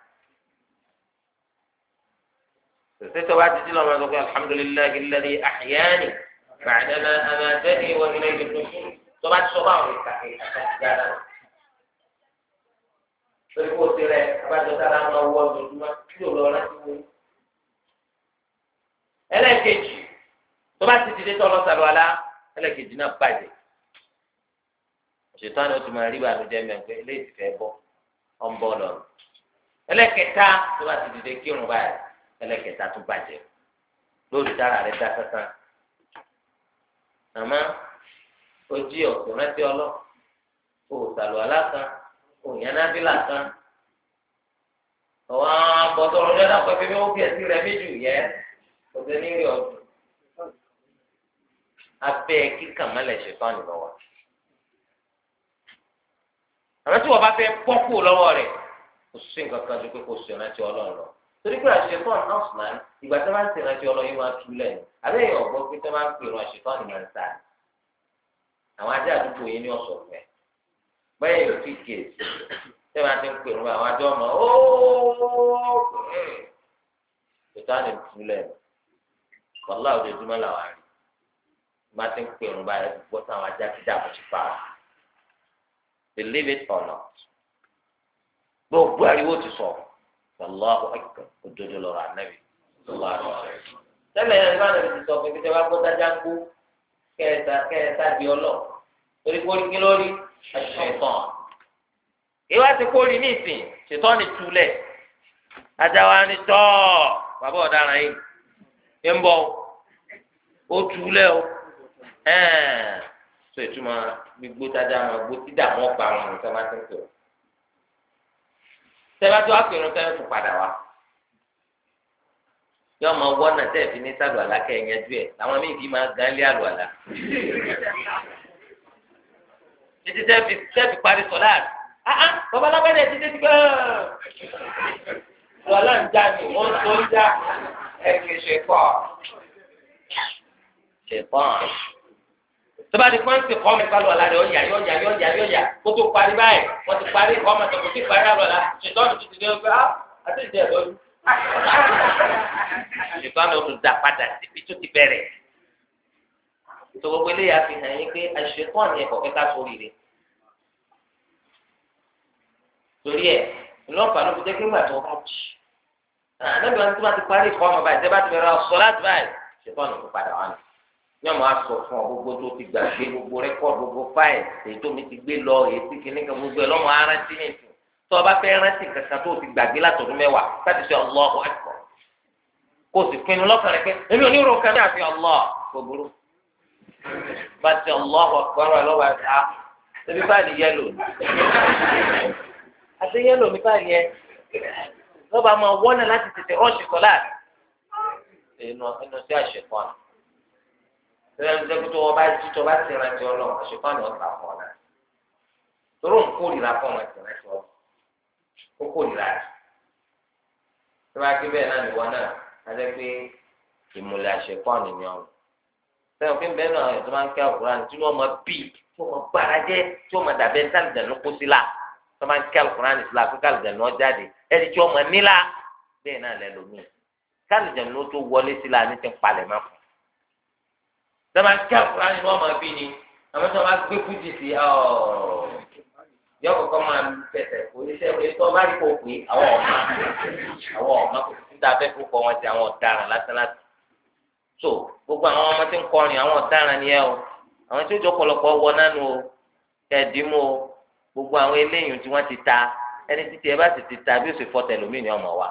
sèṣe tó bá ti jí lọ́mọ sọ́kùn alhamdulilayi alladhi ahyani ba'dama amatani wa ilayhi nusur tó bá ti sọ báwọn ìkà kan jà dànù torí kò ti rẹ abájọ sára máa wọ ọdọọdúnmá tí yóò lọ rántí wọn. ẹlẹ́ẹ̀kejì tó bá ti dìde tọ́ lọ́sàlọ́ alá ẹlẹ́ẹ̀kejì náà bàjẹ́ ṣètò àná tó máa rí ìbànújẹ́ mẹ́gbẹ́ eléyìí ti fẹ́ bọ́ ọ̀ ń bọ́ lọ́rùn ẹlẹ́kẹta tó bá ti dìde kírun báyìí ẹlẹ́kẹta tó bàjẹ́ lórí dára rẹ dá kankan àmọ́ ojú ọ̀sùn rántí ọlọ́ kò sàlù alákan òyìn anábìlà kan ọwọ́ bọtọ ọjọ́ náà pẹpẹ bí wọn fi ẹsìn rẹ méjì yẹ ọ̀sẹ̀ nílé ọdún abẹ kíkà mẹlẹ ṣètò ànìlọ wa àmọ́ tí wọn bá fẹ́ pọkù lọ́wọ́ rẹ kò sí nǹkan kan tó pé kò sí ọ̀nà tí ọlọ́run lọ torí pé àṣetọ nọọsìmán ìgbà tí wọn bá ń tẹ̀lé àti ọlọ́run yìí máa tú lẹ́yìn abẹ́yẹ̀ pé tí wọn bá ń pèrò àṣetọ ànìmọ̀ ń àwọn ajá àdúgbò yìí ní ọ̀sọ̀ fẹ́ẹ́ bẹ́ẹ̀ yóò ti kè sí ṣé wàá ti ń pè wọn àwọn àjọ ọmọ ooo ìtàn ìtúlẹ̀ kọ́lá ojoojúmọ́ làwọn àrí bá ti ń pè wọn báyìí ti gbọ́ sáwọn ajá kíjà kò ti pa believe it or not gbogbo ariwo ti sọ wàlláhu akbar òdodo lọ́rọ̀ ànábì lọ́wọ́ àrùn rẹ̀ tẹ́lẹ̀ yẹn bá nàbì ti sọ pé kí tẹ́ bá gbọ́ dájá ń kú kẹ́ẹ̀ta kẹ́ẹ̀ta di ọlọ́ torí kórìkì lórí. ṣètọ́n ìwà ti kó ni túlẹ̀ ajáwa ni tọ́ bàbá ọ̀daràn yìí ń bọ̀ ó o so ìtumọ̀ gbígbó dáadáa máa gbó tí dààmú ọ̀pá àwọn ọ̀rùn sábà ti ń sọ̀rọ̀ sẹ́bàtú àpèrún tẹ́ fún padà wá yọ ọmọ wọ́nà tẹ́ fi ní sàlù kẹ́ fi máa gán lé títí sẹ́ẹ̀fì sẹ́ẹ̀fì parí sọ̀lá rẹ̀ áá bàbá alágbádẹ́ títí ti gbọ́. sọ̀lá ń já ni wọ́n tó ń já ẹ̀kì ṣèpọ̀ ṣèpọ̀ tọ́ba ti pọ́n ti kọ́ mi ká lọ́la rẹ̀ ọ̀yà yọ̀yà yọ̀yà yọ̀yà kó tó parí báyìí wọ́n ti parí kọ́ ọmọ tọkọ tí parí àlọ́la ṣètọ́nù tó ti dé ọgbẹ́ ah, àti ìdí ẹ̀ lọ́dún. ìbámu ọdún dá padà síbi tó ti bẹ̀rẹ̀ tó gbogbo eléyà fi hàn yín pé àṣetán ni ẹ̀kọ́ kẹta sórí rẹ̀ torí ẹ̀ ìlọ́pàá ló fi jẹ́ pé ńgbà tó wọ́n jì ànábi wọn tí wọ́n ti parí ìkọ́ ọmọ báyìí tẹ́ bá ti bẹ̀rẹ̀ ọ̀sọ́ láti báyìí ṣetán ló fi padà wá ní ní ọmọ asọ fún ọ gbogbo tó ti gbàgbé gbogbo rẹkọd gbogbo fáìl èyí tó mi ti gbé lọ èyí tí kìnnìkan gbogbo ẹ lọmọ arántí nìyí tó o bá fẹ́ rántí kankan tó o ti gbàgbé látọ̀dún mẹ́wàá láti ṣe ọlọ́ọ̀ bàtí ọlọ́wọ́ gbọ́rọ̀ lọ́wọ́ ẹ̀ ká ẹbí báyìí yẹlò àti yẹlò mi báyìí yẹ lọ́ba máa wọ́nà láti tètè rọ́ọ̀ṣì kọ́ láàrin ẹnu ẹnu sí àṣekọ́n tẹ́lẹ̀ ní sẹ́kútù wọn bá jí tó bá ti rántí ọ lọ àṣekọ́n ni wọ́n ta fọ́ náà toró ń kórìíra fún ọmọ ìtàn ẹ̀ sọ ó kórìíra rẹ̀ tó bá kí bẹ́ẹ̀ náà nìwọ náà adé pé ìmùlẹ̀ àṣekọ́n ni ọ̀hún sẹ́yìn òfin bẹ́ẹ̀ náà ètò máa ń kí alukur'an tí wọ́n máa bì tí wọ́n máa gbára jẹ́ tí wọ́n máa dàbẹ́ ní sálìdàn ló kó sí la tó máa ń kí alukur'an ní sílá kókó àlìdàn náà jáde ẹni tí wọ́n máa nílá bẹ́ẹ̀ náà lẹ́ lómi sálìdàn ló tó wọlé sí la ní ti ń palẹ̀ má fún un. tó máa ń kí alukur'an ní wọ́n máa bí ni àmọ́ tó máa gbé fújì sí yọ kọ́kọ́ máa bẹ̀rẹ̀ oníṣẹ́ pé tó so gbogbo àwọn ọmọ tí ń kọrin àwọn ọ̀daràn ni ẹ o àwọn tí ó jọ wọ nánu o kẹdìmú o gbogbo àwọn eléyìí tí wọ́n ti ta ẹni títí ẹ bá ti ta bí ó sì ọmọ wa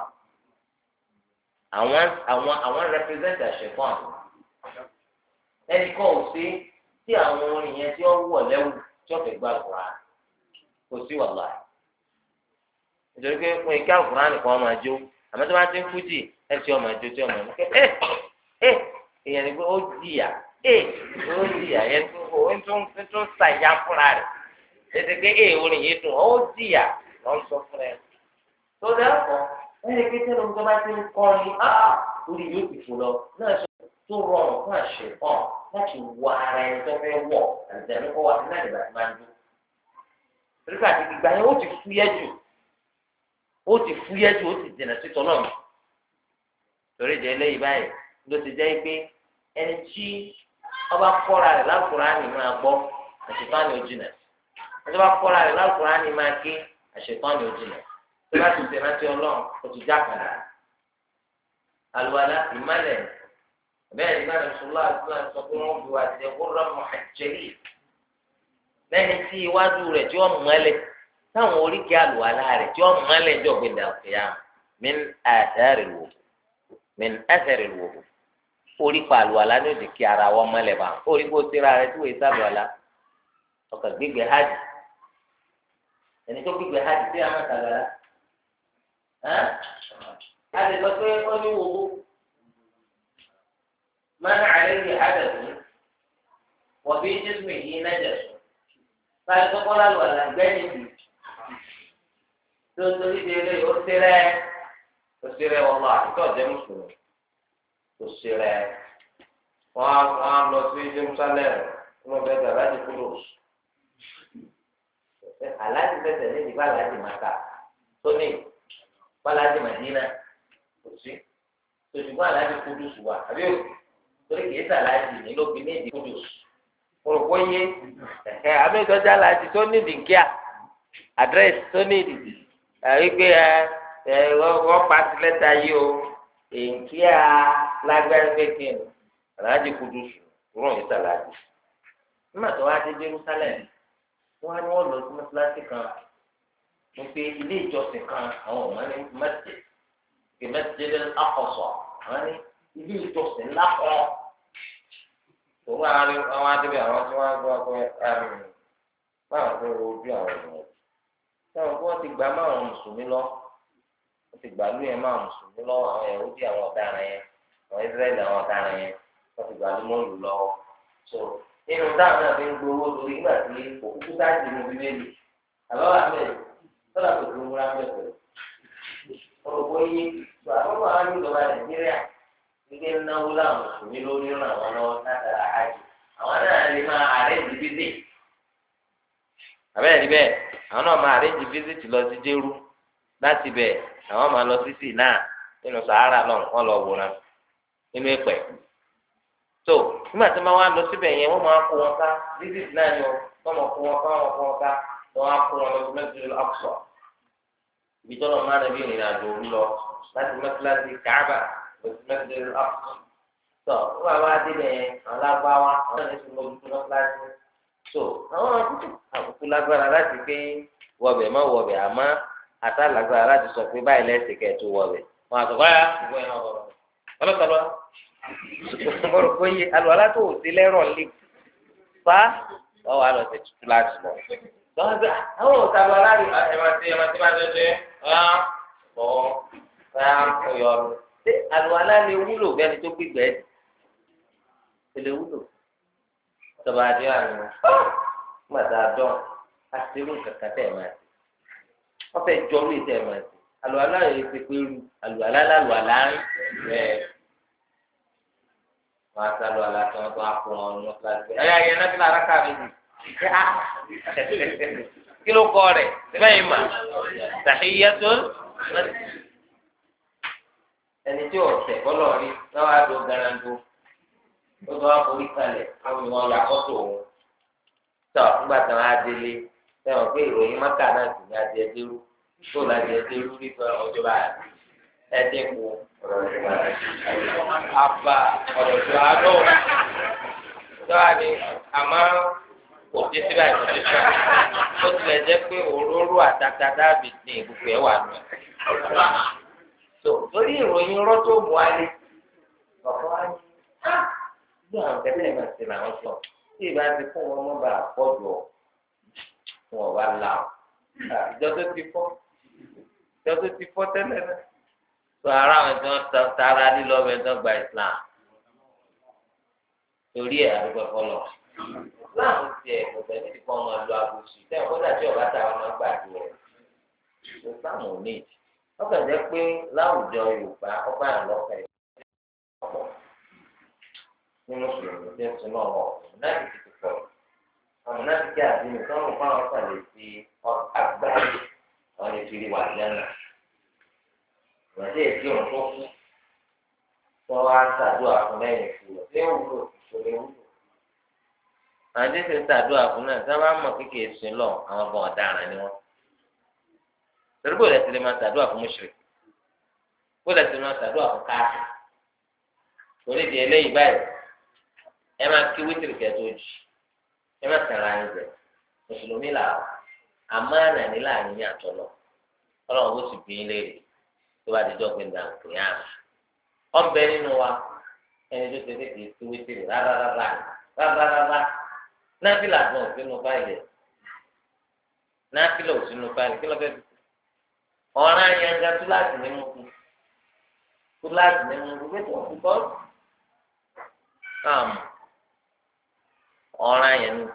àwọn àwọn àwọn ò sí tí àwọn orin yẹn tí ó wọ tí ó gbà kura kò sí wàhálà pé nìkan ọmọ àjò ọmọ àjò èèyàn ni pé ó jìyà ee ó jìyà yẹn tó ó tún tún ṣàyà fúnra rẹ̀ tètè pé ee orin yìí dùn ó jìyà lọ́n sọ fúnra rẹ̀ tó dẹ́kọ̀ ẹni pé tẹ́lẹ̀ ọgbọ́n bá ti ń kọrin á orí yóò ti fò lọ náà sọ tó rọrùn fún àṣẹ hàn láti wọ ara ẹni tó fẹ́ wọ̀ àtẹ̀lẹ́ kọ́ wa náà nígbà tí máa ń dún. Ríkà àti ìgbà yẹn ó ti fúyẹ́ jù ó ti fúyẹ́ jù ó ti dènà sí tọ́lọ́mù. Torí ìdí ẹlẹ́yìí báyìí ló ti jẹ́ pé ẹni tí ọba kọ́ra rẹ̀ lálùkùránì máa gbọ́ àṣetánì òjìnà ẹni ọba kọ́ra rẹ̀ lálùkùránì máa ké àṣetánì òjìnà tó bá ti tẹ̀lé ti ọlọ́run ó ti já kàdà àlùwàlá ìmálẹ̀ bẹ́ẹ̀ ni báyìí sọlá àdúrà sọ pé wọ́n bu àtẹ wúrọ̀ mọ̀hàjẹ́lì lẹ́ni tí iwájú rẹ̀ tí wọ́n mọ́lẹ̀ táwọn oríkèé àlùwàlá rẹ̀ tí wọ́n mọ́lẹ̀ jọ̀gbìn dàgbìyà min àtẹ́rẹ̀ wò min àtẹ́rẹ̀ wò orí pa àlùwàlá ní òdì kí ara wọn mọ́lẹ̀ bá orí kó síra rẹ tí wòye sàlùwàlá ọkàn gbígbẹ hajj ẹni tó gbígbẹ hajj sí àwọn sàlùwàlá a lè lọ pé ó ní wòwó máa ń àlẹ́ yìí hajj tó wọ́n fi jésù yìí nájà sùn báyìí tó kọ́ lálùwàlá gbẹ́yìn bì tó torí de eré ó sẹ́rẹ́ ó sẹ́rẹ́ wọ́n lọ àti tó ọ̀jẹ̀ mùsùlùmí kò sí rẹ̀ wọ́n á lọ sí Jerusalem kí wọ́n bẹ̀rẹ̀ aláàjì kúrò aláàjì bẹ̀rẹ̀ ní ìdìbò aláàjì màkà tóní aláàjì màdínà kò sí tòṣùgbọ́n aláàjì kúrò wà àbí òkè torí kìí sàláàjì ní ló fi ní ìdìbò kúrò orúkọ yé ẹ̀hẹ́ amẹ́tọ́jà aláàjì tó ní ìdìkíà àdírẹ́sì tó ní ìdìkì ẹ̀ wípé ẹ̀ ẹ̀ wọ́n pàṣẹ lẹ́tà yìí o èyí à lágbára pété ní aláàjì Kudusu rún yìí sàlájì nígbà tó wá dé Jerusalem wọn á ní wọn lọ sí mọ́sálásí kan mo pe ilé ìjọsìn kan àwọn ọmọ ní mẹsẹ kì mẹsẹ lẹ akọsọ àwọn ní ilé ìjọsìn ńlá kan òun àwọn adébẹ àwọn tí wọn gbọ́ pé báwọn fẹẹ rojú àwọn ènìyàn táwọn kí wọn ti gbà máwọn mùsùlùmí lọ. wọ́n ti gbàlú yẹn máa mùsùlùmí lọ́wọ́ àwọn yahudi àwọn ọ̀daràn yẹn àwọn israẹli àwọn ọ̀daràn yẹn wọ́n ti gbàlú mọ́ọ̀lù lọ́wọ́ so nínú táwọn náà fi ń gbowó lórí nígbà tí òkúkú sáàtì inú bíbélì àbáwá bẹ́ẹ̀ sọ́dà tó ń múra bẹ́ẹ̀ pẹ̀lú olùkọ́ yìí ìjọba nàìjíríà náwó láwọn mùsùlùmí lórí àjò àwọn máa lọ sí sínà nínú sahara náà wọn lọ wòran nínú ìpẹ tó nígbà tí wọn wá lọ síbẹ̀ yẹn wọn máa kó wọn ká visit náà ni wọn máa kó wọn ká wọn kó wọn ká wọn á kó wọn lọ sí mẹsìlẹ ọkṣọ ibi tọ́lọ̀ máa rẹ̀ bí ìrìn àjò òru lọ láti mẹsìlẹ́sì káàbà lọ sí mẹsìlẹ ọkṣọ tó wọn wá débẹ̀ yẹn alágbáwá ọ̀nà ìṣòro ojútùú mẹsìlẹ́sì tó àwọn àkókò lágbára láti gbé wọbẹ̀ má wọbẹ̀ àmọ́ àtàlágbára láti sọ pé báyìí lẹ́sìn kẹ́ ẹ̀ tó wọ̀ bẹ̀ wọn àtọ̀ báyà ìwọ ẹ̀ náà wọ̀ ọlọ́tọ̀lọ́ mo rò pé alùpàlà tó ò sí lẹ́rọ̀ lé fa ọwọ́ àlọ́ ti tutù láti lọ. àwọn òòtà lọ láti ẹ̀mọ̀tì ẹ̀mọ̀tì máa ṣe ṣe ọ̀hán bọ̀wọ̀ fẹ́ẹ́ àkọyọ̀ ọ̀rọ̀ ṣé alùpàlà lè wúlò bẹ́ẹ̀ni tó gbígbẹ́ ẹ̀ ṣe lè wúlò tọ́ba adé àná gbàdá dán àti wọ́n fẹ́ jọrú ìtẹ̀ ẹ̀ máa ṣe àlùwàlá yẹn ti pé ru àlùwàlá lálùwàlá ń rẹ̀ wọ́n á sá àlùwàlá tí wọ́n tó á kó wọn ní kíláàsì pé ẹ̀yà yẹn náà lára ká mi jù kí ló kọ rẹ̀ síbẹ̀ yìí mà tàhíyẹ́tò ẹni tí ọ̀sẹ̀ bọ́lọ̀ náà wàá do garando ó tó wá forí kalẹ̀ àwọn ìwọ̀n làkọ́tò òun tó nígbà tí wọ́n á délé. sẹ́wọ̀n pé ìròyìn mọ́kà náà sì ní adìẹ dérú tó ládìẹ dérú rí fún ọjọ́ báyìí ẹ̀dín kù àbá ọ̀rọ̀ tó a lò tọ́wá ni àmọ́ kò jẹ́ pé òróró àtàtà dábì ní ìbùkún ẹ̀ wà nù. ìròyìn irọ́ tó ọ̀pọ̀ wa ní wọn ò la ọ ìjọ tó ti fọ́ ìjọ tó ti fọ́ tẹ́lẹ̀ náà tó ara àwọn tí wọ́n tara lílọ ọbẹ tó gba islam torí ẹ àdúgbò fọlọ islam tiẹ̀ gbọ́dọ̀ níbi kan máa lo agbóṣù tẹ ọ kódà tí ọba táwọn máa gbàdúrà islam ò ní ìdí ọkọ pé láwùjọ yorùbá ọba àlọkà ẹ ọ̀pọ̀ nínú sùlùmí tí ń sinú ọmọ náà ti àwọn náà ti kí àdínú sọ́run fún àwọn kan lè fi àgbá àwọn lè fi rí wà lẹ́nà ìrọ̀lẹ́ èdè òun tó kú tó wá ń ṣàdúrà fún lẹ́yìn ikú rẹ̀ ṣé ó wúlò kò lè wúlò. àwọn tí ń ṣe ṣàdúrà fún náà sábà mọ̀ kékeré sí lọ àwọn ọmọ ọ̀daràn ni wọ́n. torí bó lẹ́sìn lè máa ṣàdúrà fún mùsùlùmí bó lẹ́sìn lè máa ṣàdúrà fún káàkiri torí di eléyìí báyìí ẹ máa kí wítìrì kẹtó jù ẹ má tẹ̀ra ẹ jẹ mùsùlùmí là wà àmọ́ àná ní láàrin ní àtọ́lọ́ ọlọ́run ó sì bí ilé rè tó bá ti dọ́gbìn dà kò yá àmà ọ̀bẹ nínú wa ẹni tó ṣe tètè tó wíṣẹ rè rárárárá rárárárá náfìlà gan òsínú báyìí náfìlà òsínú báyìí kí ló fẹ́ fi ọ̀ràn ayẹyẹ túláàsì ní kú túláàsì ní kú pé tó ń kú bọ́ọ̀lù ọ̀ràn yẹn nù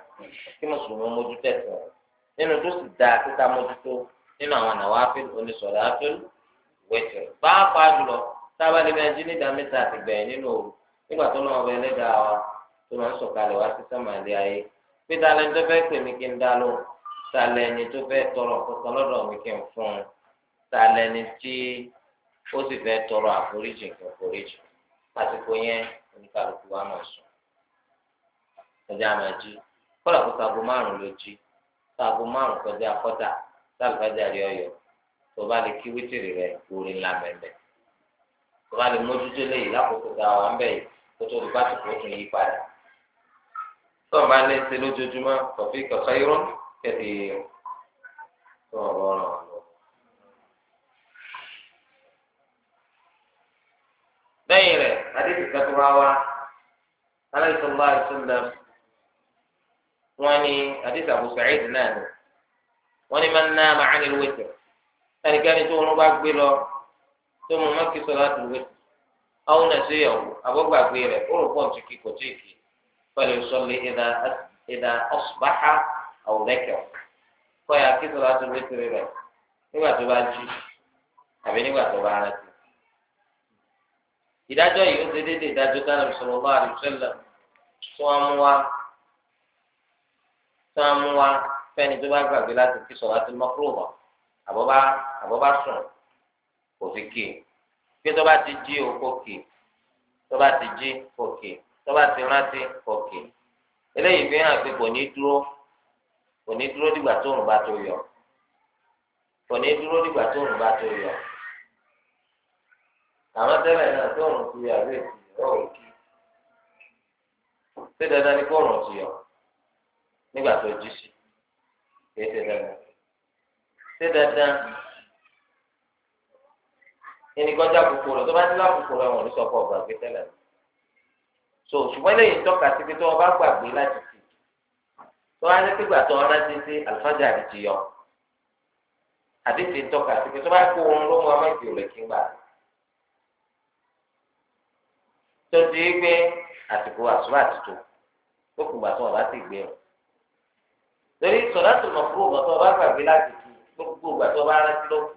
kí mùsùlùmí mójútó ẹ̀sìn rẹ̀ nínú tó sì dáa títa mójútó nínú àwọn ànáwó afẹ́ onísọ̀rọ̀ afẹ́ wẹ̀tẹ̀ pàápàá jùlọ sábàlẹ̀ bí ẹjí nídàá mẹ́ta àti gbẹ̀yìn nínú òru nígbà tó náà ọbẹ̀ ẹlẹ́dàá wa tó máa ń sọ̀kalẹ̀ wá sí sàmàlẹ́ ayé pété alẹ́ ní tó fẹ́ pè mí kí n dá lóhùn sàlẹ̀ ẹni tó fẹ́ tọrọ kankan lọ́dọ̀ mi kí n fún un sàlẹ̀ ẹni tí ó sì fẹ́ tọrọ àforíjì kí n foríjì àsìkò yẹn oníkàlùkù wa máa sùn kọjá máa jí kọlá kó sago márùn ló jí sago márùn kọjá kọta sálùfájà rí ọyọ tó bá lè kí wítìrì rẹ orí ńlá mẹmẹ tó bá lè mójútó léyìí lákòókò tá a wà ń bẹ yìí kó tó lè bá tó kó tún yí padà tó bá lè ṣe lójoojúmọ́ kọfí kọsọ irun kẹsì tó ọ̀rọ̀ ọ̀rọ̀. lẹ́yìn rẹ̀ adé ti sẹ́kọ̀ọ́ wá wá alẹ́ sọ́lá wani ní Abu Sa'id náà ni wọ́n ní máa ń ná màá ní lówó tẹ ẹnikẹ́ni tó wọn bá gbé lọ tó mọ má kí sọlá tó lówó tẹ àwọn náà ṣe yàwó àbọ̀gbàgbé rẹ̀ ó rò pọ̀n tukì kò tíìkì pẹ̀lú sọlẹ nígbà tó bá tí wọ́n mú wa fẹ́ni tó bá gbàgbé láti kí sọ̀rọ̀ makruha àbọ̀bá àbọ̀bá sùn kò fi kì í pé tó bá ti jí o kò kì í tó bá ti jí kò kì í tó bá ti rántí kò kì í eléyìí fi hàn pé kò ní dúró kò ní dúró dìgbà tó òun bá tó yọ kò ní dúró dìgbà tó òun bá tó yọ àwọn tẹ́lẹ̀ náà tó òun ti yọ àbí èsì ọ̀hún kí ṣé dandan ni kó òun ti yọ nígbà tó jí sí kìí ṣe dandan ṣe dandan ẹnìkanjá kòkò rẹ tó bá nílò àkókò rẹ wọn ò ní sọ fún ọgbà gbé tẹ́lẹ̀ so ṣùgbọ́n lẹ́yìn tọ́ka sí pé tó o bá gbàgbé láti tì tó wá ní pígbà tó ọ̀rá ti ṣe àlùfáàjà àdìjì yọ àdìjì ń tọ́ka sí tó bá kó ohun ló mú ọmọ ìdìbò rẹ kí n gbà tó di pé àsìkò àsùnwó àtìtò ó kùgbà tó wọn bá sì gbé o torí sọ̀rọ̀ tó mọ̀ fún ọ̀gbọ̀n tó bá gbàgbé láti kí gbogbo ìgbà tó bá rántí lókè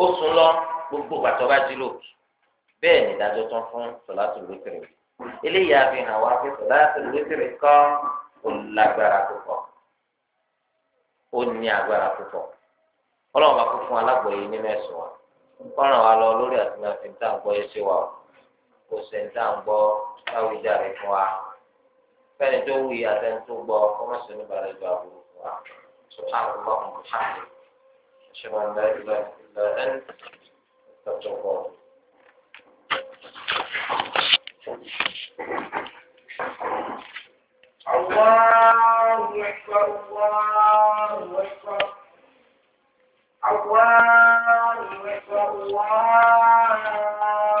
ó sùn lọ gbogbo ìgbà tó bá jí lókè bẹ́ẹ̀ ni ìdájọ́ tán fún sọ̀rọ̀ tó lókèrè eléyìí àfihàn wa pé sọ̀rọ̀ tó lókèrè kọ́ ó lágbára púpọ̀ ó ní agbára púpọ̀ ọlọ́run bá kó fún alágbọ̀yé nínú ẹ̀sùn wa kọ́ràn wa lọ lórí àtúnyàfíntà ń gbọ́ yé sí wa kò sẹ́ńtà ń gbọ́ táwíjà rẹ̀ fún wa. fẹ́ni tó wù yí àtẹni tó gbọ́ kọ́mọ̀sì oníbàárà wa subhanahu wa muhammed bọ́. الله أكبر الله أكبر الله أكبر الله